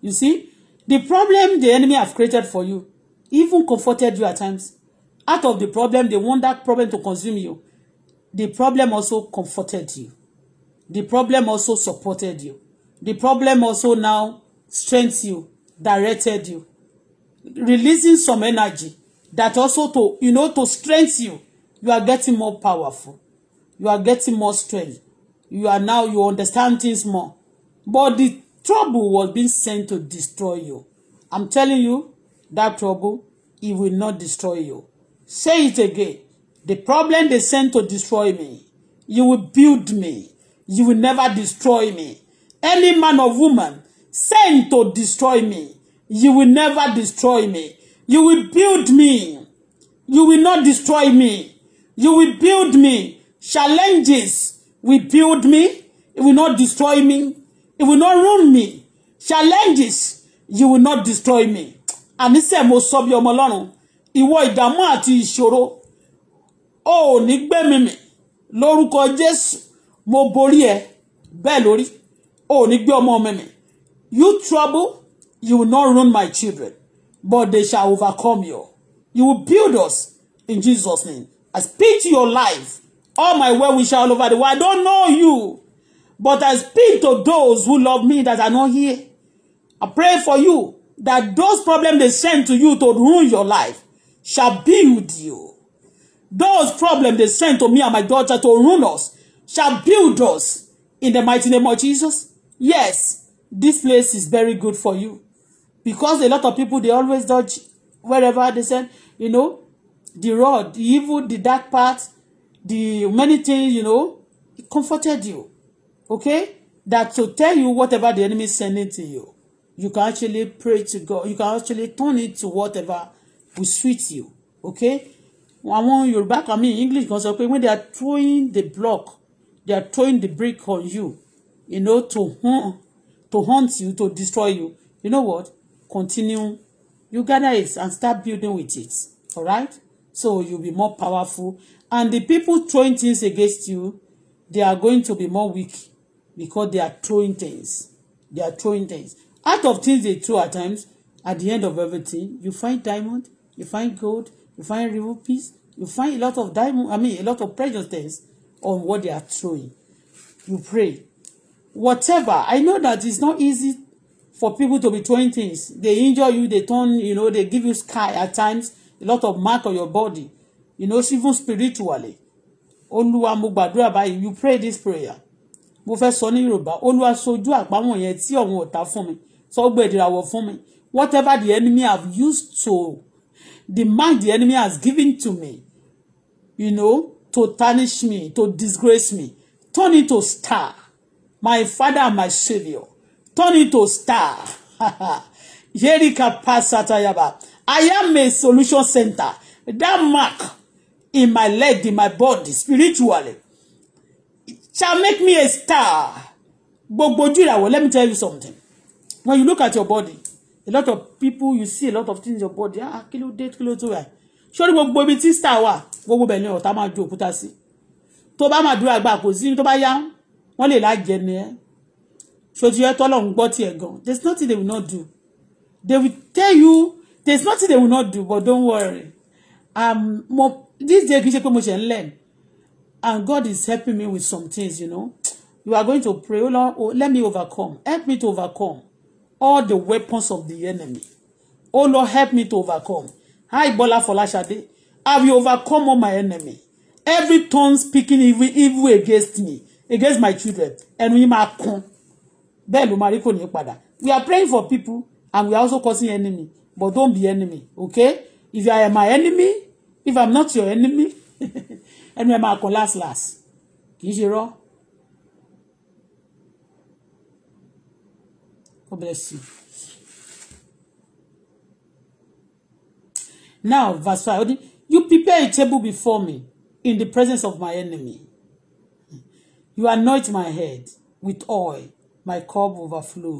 You see, the problem the enemy have created for you, even comforted you at times. Out of the problem, they want that problem to consume you. The problem also comforted you. The problem also supported you. The problem also now strengthens you, directed you, releasing some energy that also to, you know, to strengthen you you are getting more powerful you are getting more strength you are now you understand things more but the trouble was being sent to destroy you i'm telling you that trouble it will not destroy you say it again the problem they sent to destroy me you will build me you will never destroy me any man or woman sent to destroy me you will never destroy me you will build me you will not destroy me You will build me. Challenges will build me. It will not destroy me. It will not ruin me. Challenges, you will not destroy me. And mo sọ bí ọmọ Ọlọ́run. malano, ìdààmú idamu ati ishoro. Oh, ní gbẹ̀mí mi. Lórúkọ Jésù, mo bolie belori. Oh, lórí. O ò ní You trouble, you will not ruin my children. But they shall overcome you. You will build us in Jesus' name. I speak to your life. All my well wishes all over the world. I don't know you, but I speak to those who love me that are not here. I pray for you that those problems they send to you to ruin your life shall build you. Those problems they send to me and my daughter to ruin us shall build us in the mighty name of Jesus. Yes, this place is very good for you because a lot of people they always dodge wherever they send, you know, the raw the evil the dark part the many things you know it comforted you okay that to tell you whatever the enemy sending to you you can actually pray to God you can actually turn it to whatever will suit you okay àwọn Yorùbá kan mi English kan sọ pé when they are throwing the block they are throwing the brick on you you know to hunt to hunt you to destroy you you know what continue you gather it and start building with it all right So you'll be more powerful. And the people throwing things against you, they are going to be more weak because they are throwing things. They are throwing things. Out of things they throw at times, at the end of everything, you find diamond, you find gold, you find river rupees, you find a lot of diamond, I mean, a lot of precious things on what they are throwing. You pray. Whatever. I know that it's not easy for people to be throwing things. They injure you, they turn, you know, they give you sky at times a lot of mark on your body you know even spiritually olúwa mo gbàdúrà báyìí you pray this prayer mo fẹ́ sọ ní yorùbá olúwa ṣojú àpamọ̀ yẹn tí àwọn ọ̀tá fún mi sọgbẹ́ ìdìràwọ̀ fún mi whatever the enemy have used to the mark the enemy has given to me you know to tarnish me to disgrace me turn it to star my father and my Savior, turn it to star yerika pasatayaba I am a solution center. That mark in my leg, in my body, spiritually, shall make me a star. Gbogbo ojú let me tell you something. When you look at your body, a lot of people, you see a lot of things in your body. Ah, kilo date, kilo kí ló tó wà. Ṣé gbogbo ibi tí star wa. gbogbo bẹ̀ ni ọ̀tá máa ju òkúta sí. Tó bá máa dúró àgbà kò sí, tó bá yá, wọ́n lè lájẹ ni ẹ́. Ṣojú ẹ tọ́lọ̀ ń gbọ́ tiẹ̀ gan. There's nothing they will not do. They will tell you there's nothing they will not do but don't worry um mo this day kì í ṣe pé mo ṣe ń learn and God is helping me with some things you know you are going to pray oh Lord oh, let me overcome help me to overcome all the weapons of the enemy oh Lord help me to overcome hi Bola Folashade have you overcome all my enemy every tongue speaking evil, evil against me against my children ẹnu yín máa kún bẹ́ẹ̀ ló máa rí kò ní padà we are praying for people and we are also causing enemy but don't be enemy okay if you are my enemy if i'm not your enemy ẹnu ẹ máa kọ last last kì í ṣe rọ god bless you now verse five you prepare a table before me in the presence of my enemy you anoint my head with oil my cup overflow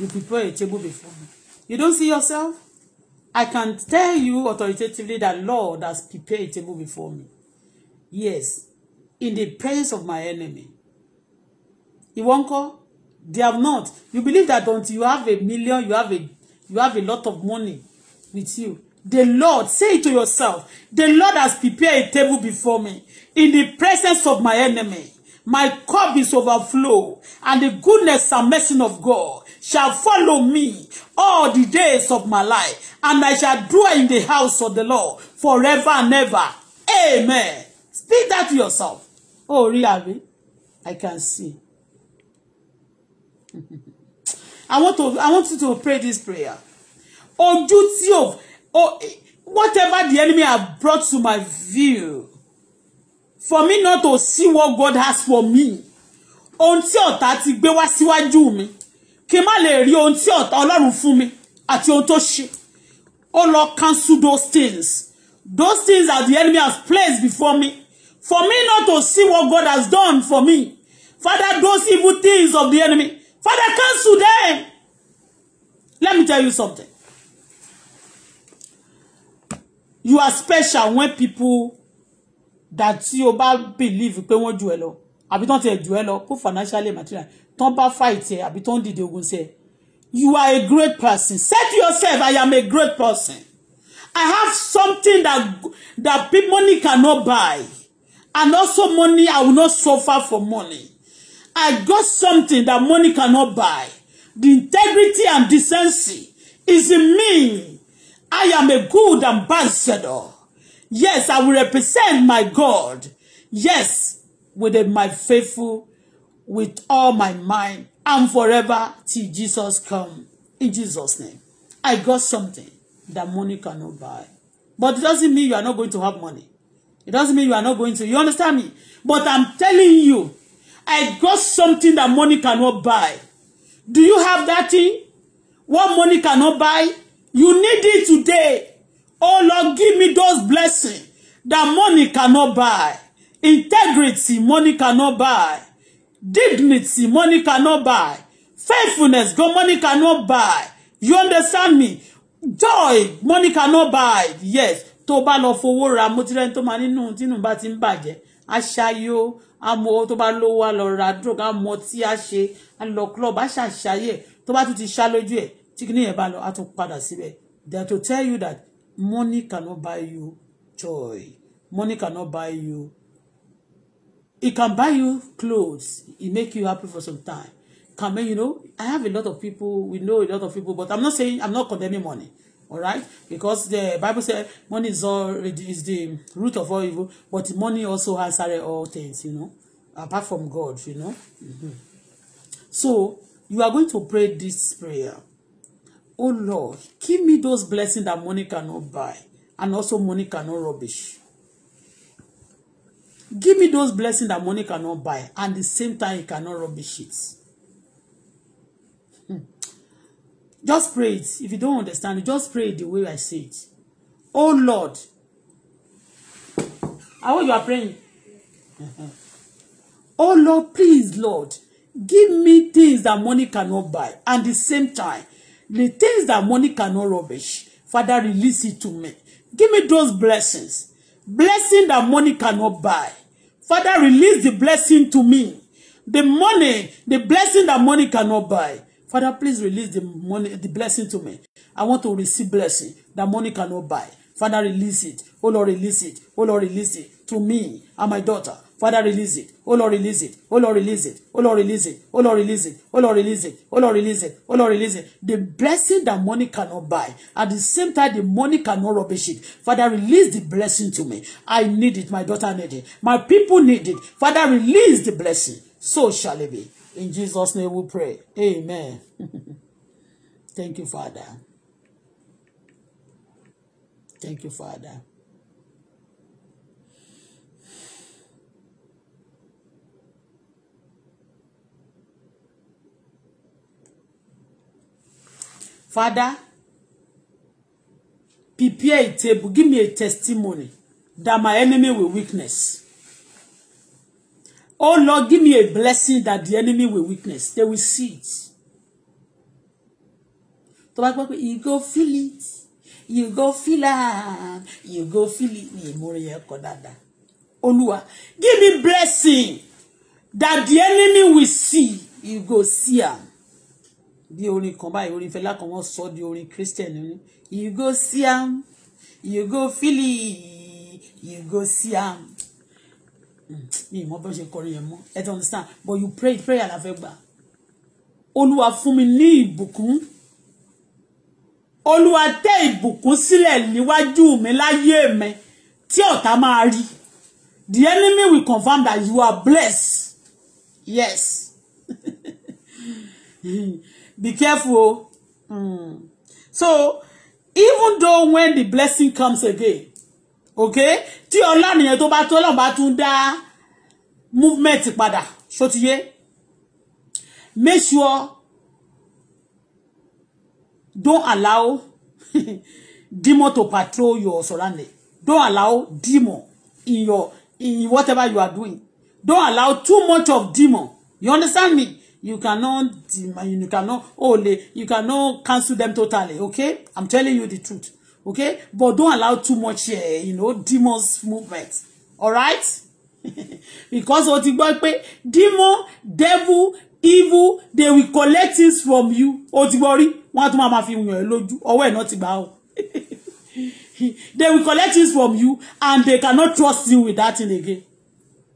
you prepare a table before me. You don't see yourself? I can tell you authoritatively that Lord has prepared a table before me. Yes, in the presence of my enemy. You won't ńkọ́, they have not. You believe that until you have a million, you have a you have a lot of money with you. The Lord, say it to yourself, the Lord has prepared a table before me in the presence of my enemy. My cup is overflow, and the goodness and mercy of God shall follow me all the days of my life, and I shall dwell in the house of the Lord forever and ever. Amen. Speak that to yourself. Oh, really? I can see. I want to I want you to pray this prayer. Ojú tí o whatever the enemy have brought to my view for me not to see what God has for me. Ohun tí ọ̀tá ti gbé wá síwájú mi kí n má lè rí ohun tí ọ̀tá ọlọ́run fún mi àti ohun tó ṣe ó lọ cancel those things those things that the enemy has placed before me for me not to see what God has done for me father those evil things of the enemy father cancel them let me tell you something you are special when people that tí o bá believe pé wọ́n jù ẹ́ lọ àbí tán ti ẹ̀ jù ẹ́ lọ kó financially material tó ń bá fight ẹ àbí tó ń dìde ogun sí ẹ you are a great person Set yourself i am a great person i have something that that big money cannot buy and also money i will not suffer for money i got something that money cannot buy the integrity and decency is in me i am a good ambassador yes i will represent my god yes with a, my faithful with all my mind and forever till Jesus come. In Jesus' name. I got something that money cannot buy. But it doesn't mean you are not going to have money. It doesn't mean you are not going to. You understand me? But I'm telling you, I got something that money cannot buy. Do you have that thing? What money cannot buy? You need it today. Oh Lord, give me those blessings that money cannot buy. Integrity, money cannot buy. Dignity, money cannot buy. Faithfulness, God, money cannot buy. You understand me? Joy, money cannot buy. Yes. Tó bá lọ fowó ra, mo ti rẹ́ni tó máa nínú tínú bá ti ń bàjẹ́. Aṣayó, amọ̀ tó bá lówó wa lọ ra drug, amọ̀ tí a ṣe, a lọ club, a ṣàṣàyẹ̀. Tó bá tún ti ṣá lójú ẹ̀, tí yẹn bá lọ, a tún padà síbẹ̀. That to tell you that money cannot buy you joy. Money cannot buy you It can buy you clothes. It make you happy for some time. Can make you know. I have a lot of people. We know a lot of people, but I'm not saying I'm not condemning money. All right, because the Bible said money is all is the root of all evil, but money also has all things. You know, apart from God. You know. Mm-hmm. So you are going to pray this prayer. Oh Lord, give me those blessings that money cannot buy, and also money cannot rubbish. Give me those blessings that money cannot buy, and the same time it cannot rubbish it. Hmm. Just pray it. If you don't understand it, just pray it the way I say it. Oh Lord. I How you are praying? Oh Lord, please, Lord, give me things that money cannot buy, and the same time, the things that money cannot rubbish. Father, release it to me. Give me those blessings. Blessing that money cannot buy. Father, release the blessing to me. The money, the blessing that money cannot buy. Father, please release the money, the blessing to me. I want to receive blessing that money cannot buy. Father, release it. Oh Lord, release it. Oh Lord, release it to me and my daughter. Father, release it. Oh Lord, release it Oh Lord, release it Oh Lord, release it Oh Lord, release it Oh Lord, release it Oh Lord, release it Oh Lord, release it the blessing that money cannot buy at the same time the money cannot rubbish it father release the blessing to me i need it my daughter need it my people need it father release the blessing so shall it be in jesus name we pray amen thank you father thank you father. Father, prepare a table. Give me a testimony that my enemy will witness. Oh Lord, give me a blessing that the enemy will witness. They will see it. you go feel it you go feel am you go feel it ní ìmúrí give me blessing that the enemy will see you go see am bí orin kan báyìí orin Fẹlá kan wọ́n sọ di orin Christian ní you go see am you go feel it you go see am mi ì mọ bí wọ́n ṣe kọrin yẹn mọ́ ẹ ti understand but you pray prayer la fẹ́ gbà olúwa fún mi ní ìbùkún olúwa tẹ ìbùkún sílẹ̀ níwájú mi láyé mi tí ọ̀tá máa rí the enemy will confirm that you are blessed yes. be careful mm. so even though when the blessing comes again okay tí ọlọ́run yẹn tó bá tó ọlọ́run bá tún dá movement padà ṣó ti make sure don't allow demon to patrol your surrounding don't allow demon in your in whatever you are doing don't allow too much of demon you understand me you cannot you cannot oh you cannot cancel them totally okay i'm telling you the truth okay but don't allow too much uh, you know demons movement all right because what ti gbọ́ pé demon devil evil they will collect things from you ó ti gbọ́ rí wọ́n á tún máa fi yàn ẹ́ lójú ọwọ́ ẹ̀ náà ti gbà ó they will collect things from you and they cannot trust you with that thing again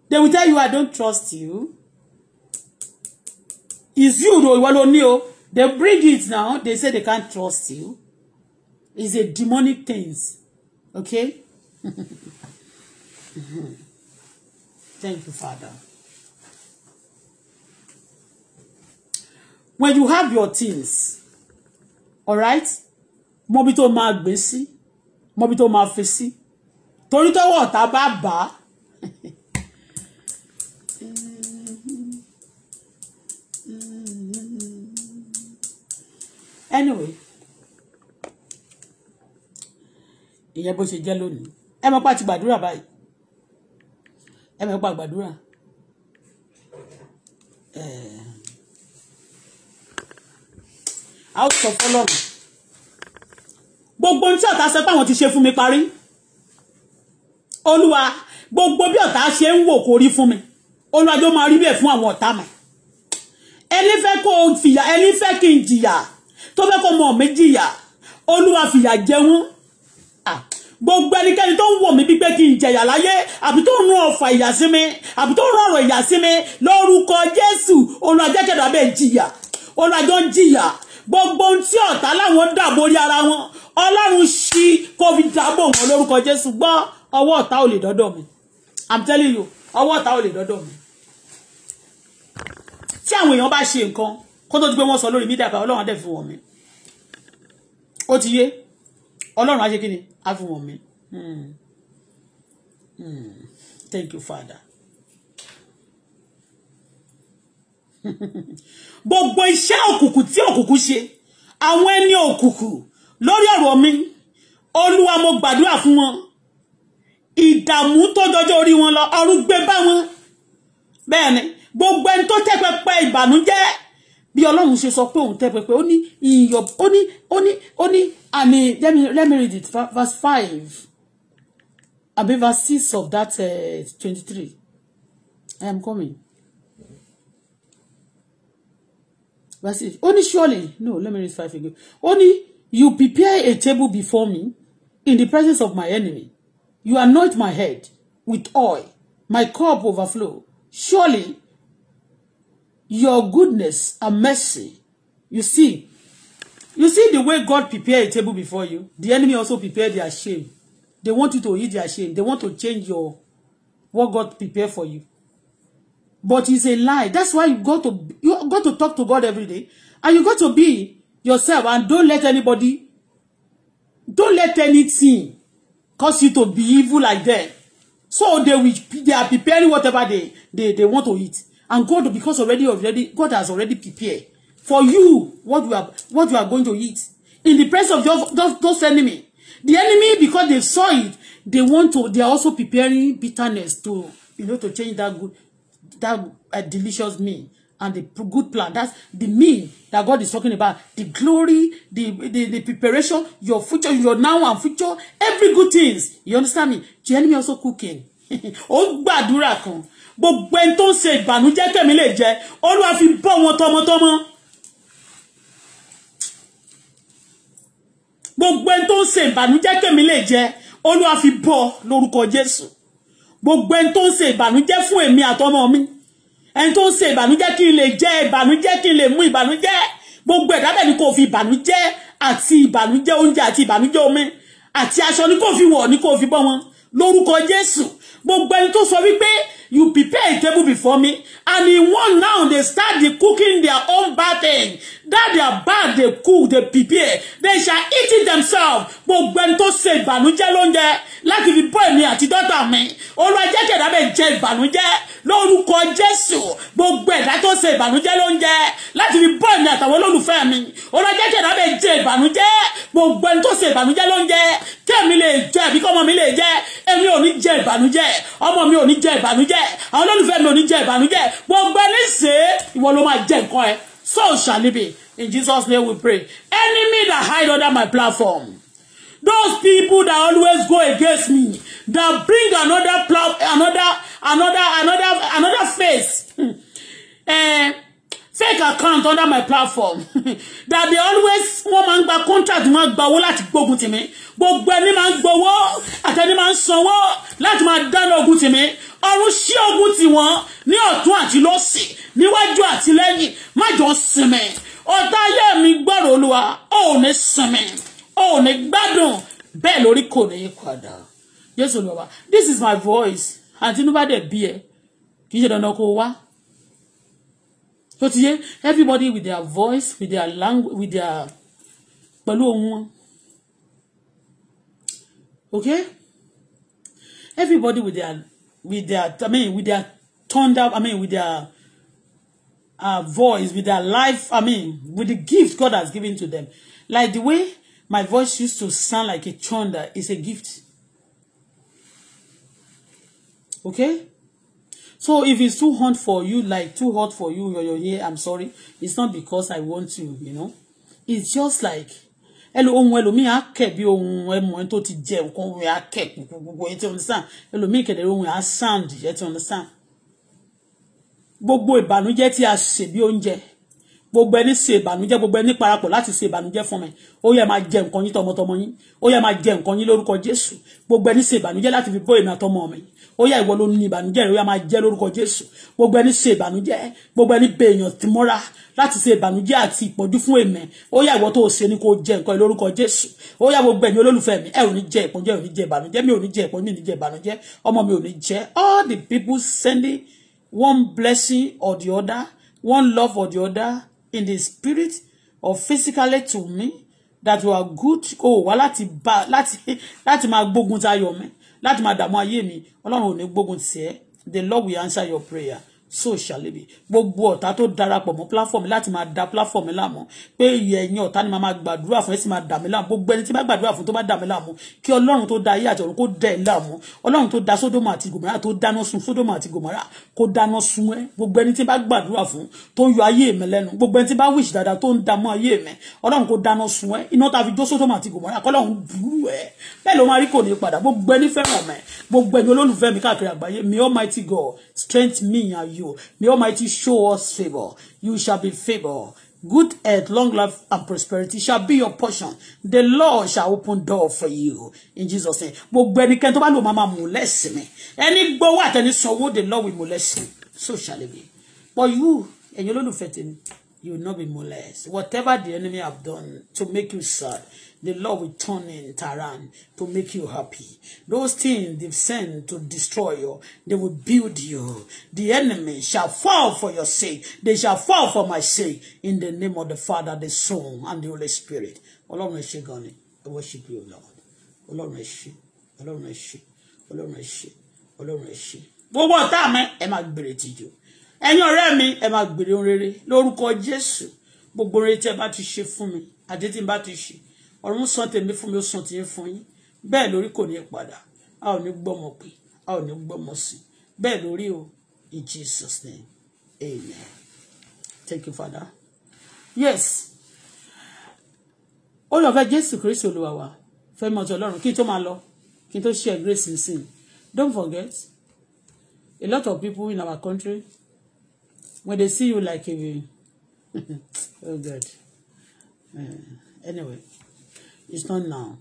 they will tell you i don't trust you Is you though ìwọ ló o they bring it now they say they can't trust you it's a demonic things okay thank you father when you have your things all right mọbi tó máa gbé sí mọbi tó máa fi sí torí tọwọ́ ọ̀tá bá bàá. anyway ìyẹn bó ṣe jẹ́ lónìí ẹ mọ̀ pa ti gbàdúrà báyìí ẹ mọ̀ pa gbàdúrà a ó sọ fọlọ́run gbogbo ohun tí ọ̀tá sọ pé àwọn ti ṣe fún mi parí olúwa gbogbo bí ọ̀tá ṣe ń wò kó rí fún mi olúwa ló máa rí bẹ́ẹ̀ fún àwọn ọ̀tá mi ẹni fẹ́ kó o fìyà ẹni fẹ́ kí n jìyà tó fẹ́ kọ́ mọ̀ mí jìyà olúwa fìyà jẹ wọ́n gbogbo ẹnikẹ́ni tó ń wò mí gbígbé kí n jẹ̀yà láyé àbí tó ń rán ọ̀fà ìyà sí mi àbí tó ń rán ọ̀rọ̀ ìyà sí mi lórúkọ jésù olúwa jẹ́ kẹ̀dọ̀ abẹ́ jìyà olúwa jọ ń jìyà gbogbo ohun tí ọ̀tá láwọn dàbò orí ara wọn ọlọ́run ṣí covid dàbò wọn lórúkọ jésù gbọ́ ọwọ́ ọ̀tá ò lè dọ́dọ̀ mi i'm telling you ọwọ́ ọ̀tá ò lè dọ́dọ̀ mi tí àwọn èèyàn bá ṣe nǹkan kó tó ti pé wọ́n sọ lórí mídíà kan ọlọ́run á fi wọ̀n mi ó ti yé ọlọ́run á ṣe kí ni á fi wọ̀n mi hmm. hmm. thank you father gbogbo iṣẹ́ òkùnkùn tí òkùnkùn ṣe àwọn ẹni òkùnkùn lórí ọ̀rọ̀ mi olúwa mo gbàdúrà fún wọn ìdààmú tó dọjọ́ orí wọn lọ ọrùn gbé bá wọn bẹ́ẹ̀ ni gbogbo ẹni tó tẹ́ pẹpẹ ìbànújẹ́ bí ọlọ́run ṣe sọ pé òun tẹ́ pẹpẹ ó ní ìyọ̀ ó ní ó ní ó ní àmì let me let me read it verse five àbí verse six of that eh, twenty-three I am coming verse six ó ní surely no let me read five again ó ní you prepare a table before me in the presence of my enemy you anoint my head with oil my cup overflow surely your goodness and mercy. You see, you see the way God prepare a table before you, the enemy also prepare their shame. They want you to eat their shame. They want to change your what God prepare for you. But it's a lie. That's why you got to you got to talk to God every day. And you got to be yourself and don't let anybody don't let anything cause you to be evil like that. So they will they are preparing whatever they, they, they want to eat. And God, because already, already, God has already prepared for you what you are, what you are going to eat in the presence of those, those, those enemy. The enemy, because they saw it, they want to, they are also preparing bitterness to, you know, to change that good, that uh, delicious meal and the good plan. That's the meal that God is talking about. The glory, the, the, the preparation, your future, your now and future, every good things. You understand me? The enemy also cooking. Ó gbàdúrà kan gbogbo ẹni tó ń ṣe ìbànújẹ́ tèmi lè jẹ olúwa fi bọ́ wọn tọmọtọmọ gbogbo ẹni tó ń ṣe ìbànújẹ́ tèmi lè jẹ olúwa fi bọ́ lórúkọ jésù gbogbo ẹni tó ń ṣe ìbànújẹ́ fún èmi àtọmọ mi ẹni tó ń ṣe ìbànújẹ́ kí n lè jẹ ìbànújẹ́ kí n lè mú ìbànújẹ́ gbogbo ẹ̀dá bẹ́ẹ̀ ni kò fi ìbànújẹ́ àti ìbànújẹ́ oúnjẹ àti ìbànújẹ́ omi àti aṣọ ni kò fi wọ̀ ni kò fi bọ́ wọn lórúkọ jésù gbogbo ẹni tó sọ wípé you prepare a table before me and in one now they start the cooking their own bad thing that their bag dey cook dey prepare they shall eat it themselves gbogbo ẹni tó ṣe ìbànújẹ́ lóúnjẹ láti fi bọ́ èmi àti dọ́tà mi olúwa jẹ́ kí ẹ̀dá bẹ́ẹ̀ jẹ ìbànújẹ́ lórúkọ jésù gbogbo ẹ̀dá tó ṣe ìbànújẹ́ lóúnjẹ láti fi bọ́ èmi àtàwọn olólùfẹ́ mi olúwa jẹ́ kí ẹ̀dá bẹ́ẹ̀ jẹ ìbànújẹ́ gbogbo ẹni tó ṣe ìbànújẹ́ lóúnjẹ tẹ́mi lè jẹ àbí kọ́mọ mi lè jẹ èmi ò ní jẹ ìbànújẹ́ ọmọ mi ò ní jẹ ìbànújẹ́ àwọn olólùfẹ́ mi ò ní jẹ ìbànújẹ́ gbogbo ẹni ṣe ìwọ ló máa jẹ nǹkan ẹ so shall it be. In Jesus' name we pray. Enemy that hide under my platform. Those people that always go against me, that bring another plow, another, another, another, another face. uh, fake account under my platform that they always wọ́n máa ń gba contract wọ́n gba owó láti gbógun tì mí gbogbo ẹni máa ń gbowó àtẹni máa ń sanwó láti máa dáná ogun tì mí ọrùn sí ogun tì wọ́n ní ọ̀tún àti lọ́sì níwájú àti lẹ́yìn má jọ sinmi ọ̀tá ayé mi gbọ́rọ̀ olúwa ó ní sinmi ó ní gbádùn bẹ́ẹ̀ lórí kò ní í padà Jésù lọ́wọ́ this is my voice àti inú bá dẹ̀ bí ẹ kì í ṣe dandan kó o wá tó ti yé everybody with their voice with their language with their pẹ̀lú ohun wọn okay everybody with their with their i mean with their turned up. i mean with their uh, voice with their life i mean with the gift God has given to them like the way my voice used to sound like a thunder is a gift okay So if it's too hot for you, like too hot for you, you're, you're here, I'm sorry. It's not because I want you, you know. It's just like ẹlò ohun ẹlòmíì á kẹ̀ bí ohun ẹmọ ẹni tó ti jẹ nǹkan ohun ẹ̀ á kẹ̀ gbogbo ti understand ẹlòmíì kẹ̀dẹ̀ ohun ẹ̀ sound ẹ̀ understand gbogbo ìbànújẹ́ tí a ṣe bí oúnjẹ gbogbo ẹni ṣe ìbànújẹ́ gbogbo ẹni parapọ̀ láti ṣe ìbànújẹ́ fún mi ó yẹ máa jẹ nǹkan yín tọmọtọmọ yín ó yẹ máa jẹ nǹkan yín lórúkọ jésù gbogbo ẹni ṣe ìbànújẹ́ láti fi bó èmi àtọmọ mi ó yẹ ìwọ ló ní ìbànújẹ́ rẹ ó yẹ máa jẹ lórúkọ jésù gbogbo ẹni ṣe ìbànújẹ́ gbogbo ẹni bẹ èèyàn ti mọ́ra láti ṣe ìbànújẹ́ àti ìpọ́njú fún èmi ó yẹ ìwọ tó o ṣe ni kò jẹ nǹkan lórúkọ jésù ó yẹ gbogbo ẹ̀yin olólùfẹ́ mi ẹ ò ní jẹ ìpọ́njú ẹ ò ní jẹ ìbànújẹ́ mi ò ní jẹ ìpọ́njú ò ní jẹ ìbànújẹ́ ọmọ mi ò ní jẹ all the people sending one blessing or the other one love or the other in the spirit or physically to me that you are good o oh, wá láti bá lati láti máa gbógun tayọ̀ mi láti máa dààmú ayé mi ọlọ́run ò ní gbógun tì ẹ́ the Lord will answer your prayer so shall it be gbogbo ọ̀tá tó darapọ̀ mọ́ platform láti máa da platform láàmú pé ẹ̀yin ọ̀tá ni máa gbàdúrà fún ẹ sì máa dà mí láàmú gbogbo ẹni tí bá gbàdúrà fún tó bá dà mí láàmú kí ọlọ́run tó da ayé àti ọ̀run kó dẹ̀ ẹ́ láàmú ọlọ́run tó da sódòmù àti gòmárà tó dáná sun sódòmù àti gòmárà kó dáná sun ẹ gbogbo ẹni tí bá gbàdúrà fún tó ń yọ ayé mi lẹ́nu gbogbo ẹni tí bá wíṣì dáadáa tó ń damú ayé mi ọlọ́run kó dáná sun ẹ iná tàbí jó sódòmù àti gòmárà kọ́lọ́run burú ẹ bẹ́ẹ̀ ló máa rí kò ní padà gbogbo ẹni fẹ́ràn mẹ́ gbogbo Almighty God strength me and you. May Almighty show us favor. You shall be favored. Good health, long life, and prosperity shall be your portion. The Lord shall open door for you. In Jesus' name. Gbogbo ẹnikẹ́ni tó bá lò mama molest me. mi. Ẹni gbowó àtẹni sanwó the Lord will molest you. So shall it be. But you, and ẹ̀yin olólùfẹ́ tèmi, you will not be molested. Whatever the enemy have done to make you sad the Lord will turn it around to make you happy. Those things they've sent to destroy you, they will build you. The enemy shall fall for your sake. They shall fall for my sake. In the name of the Father, the Son, and the Holy Spirit. Ọlọ́run ẹ ṣé gan ni, I worship you, Lord. Ọlọ́run ẹ ṣé, Ọlọ́run ẹ ṣé, Ọlọ́run ẹ ṣé, Ọlọ́run ẹ ṣé. Gbogbo ọ̀tá mi, ẹ máa gbèrè tìjú. Ẹ̀yin ọ̀rẹ́ mi, ẹ máa gbèrè ohun rere lórúkọ Jésù. Gbogbo rere tí ẹ bá ti ṣe fún mi, àdé tí n bá ti ṣe ọ̀run san tèmi fún mi ó san tìyín fún yín bẹ́ẹ̀ lórí kò ní padà a ò ní gbọ́mọ pé a ò ní gbọ́mọ sí bẹ́ẹ̀ lórí o in Jesus name amen thank you father yes olùfẹ́ jésù kristu olúwa wa fẹ́ mọ̀ ti ọlọ́run kí n tó máa lọ kí n tó share grace in sin don't forget a lot of people in our country when they see you like a oh god eh, anyway It's not now.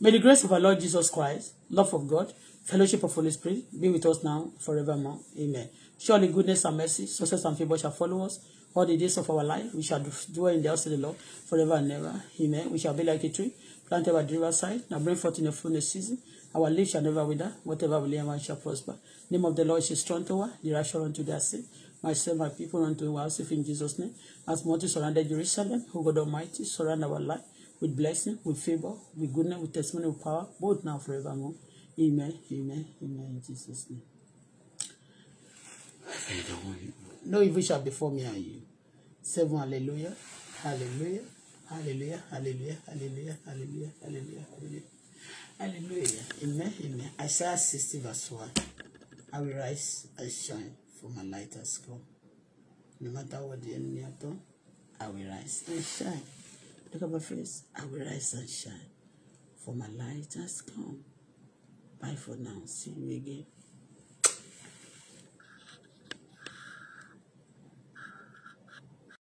May the grace of our Lord Jesus Christ, love of God, fellowship of Holy Spirit be with us now forevermore. Amen. Surely goodness and mercy, success and favor shall follow us all the days of our life. We shall dwell in the house of the Lord forever and ever. Amen. We shall be like a tree planted by the riverside, now bring forth in the fullness season. Our leaves shall never wither. Whatever we lay our shall prosper. Name of the Lord is strong to us. The righteous unto their sin. Myself, my people unto our safe in Jesus' name. As much surrounded Jerusalem, O God Almighty, surround our life with blessing, with favor, with goodness, with testimony, with power, both now forevermore. Amen. Amen. Amen. In Jesus' name. No evil shall befall me and you. Seven. Hallelujah. Hallelujah. Hallelujah. Hallelujah. Hallelujah. Hallelujah. Hallelujah. Hallelujah. Hallelujah. Amen. Amen. Isaiah 60 verse 1. I will rise and shine, for my light has come. No matter what the enemy has done, I will rise and shine. Look at my face. I will rise and shine, for my light has come. Bye for now. See you again.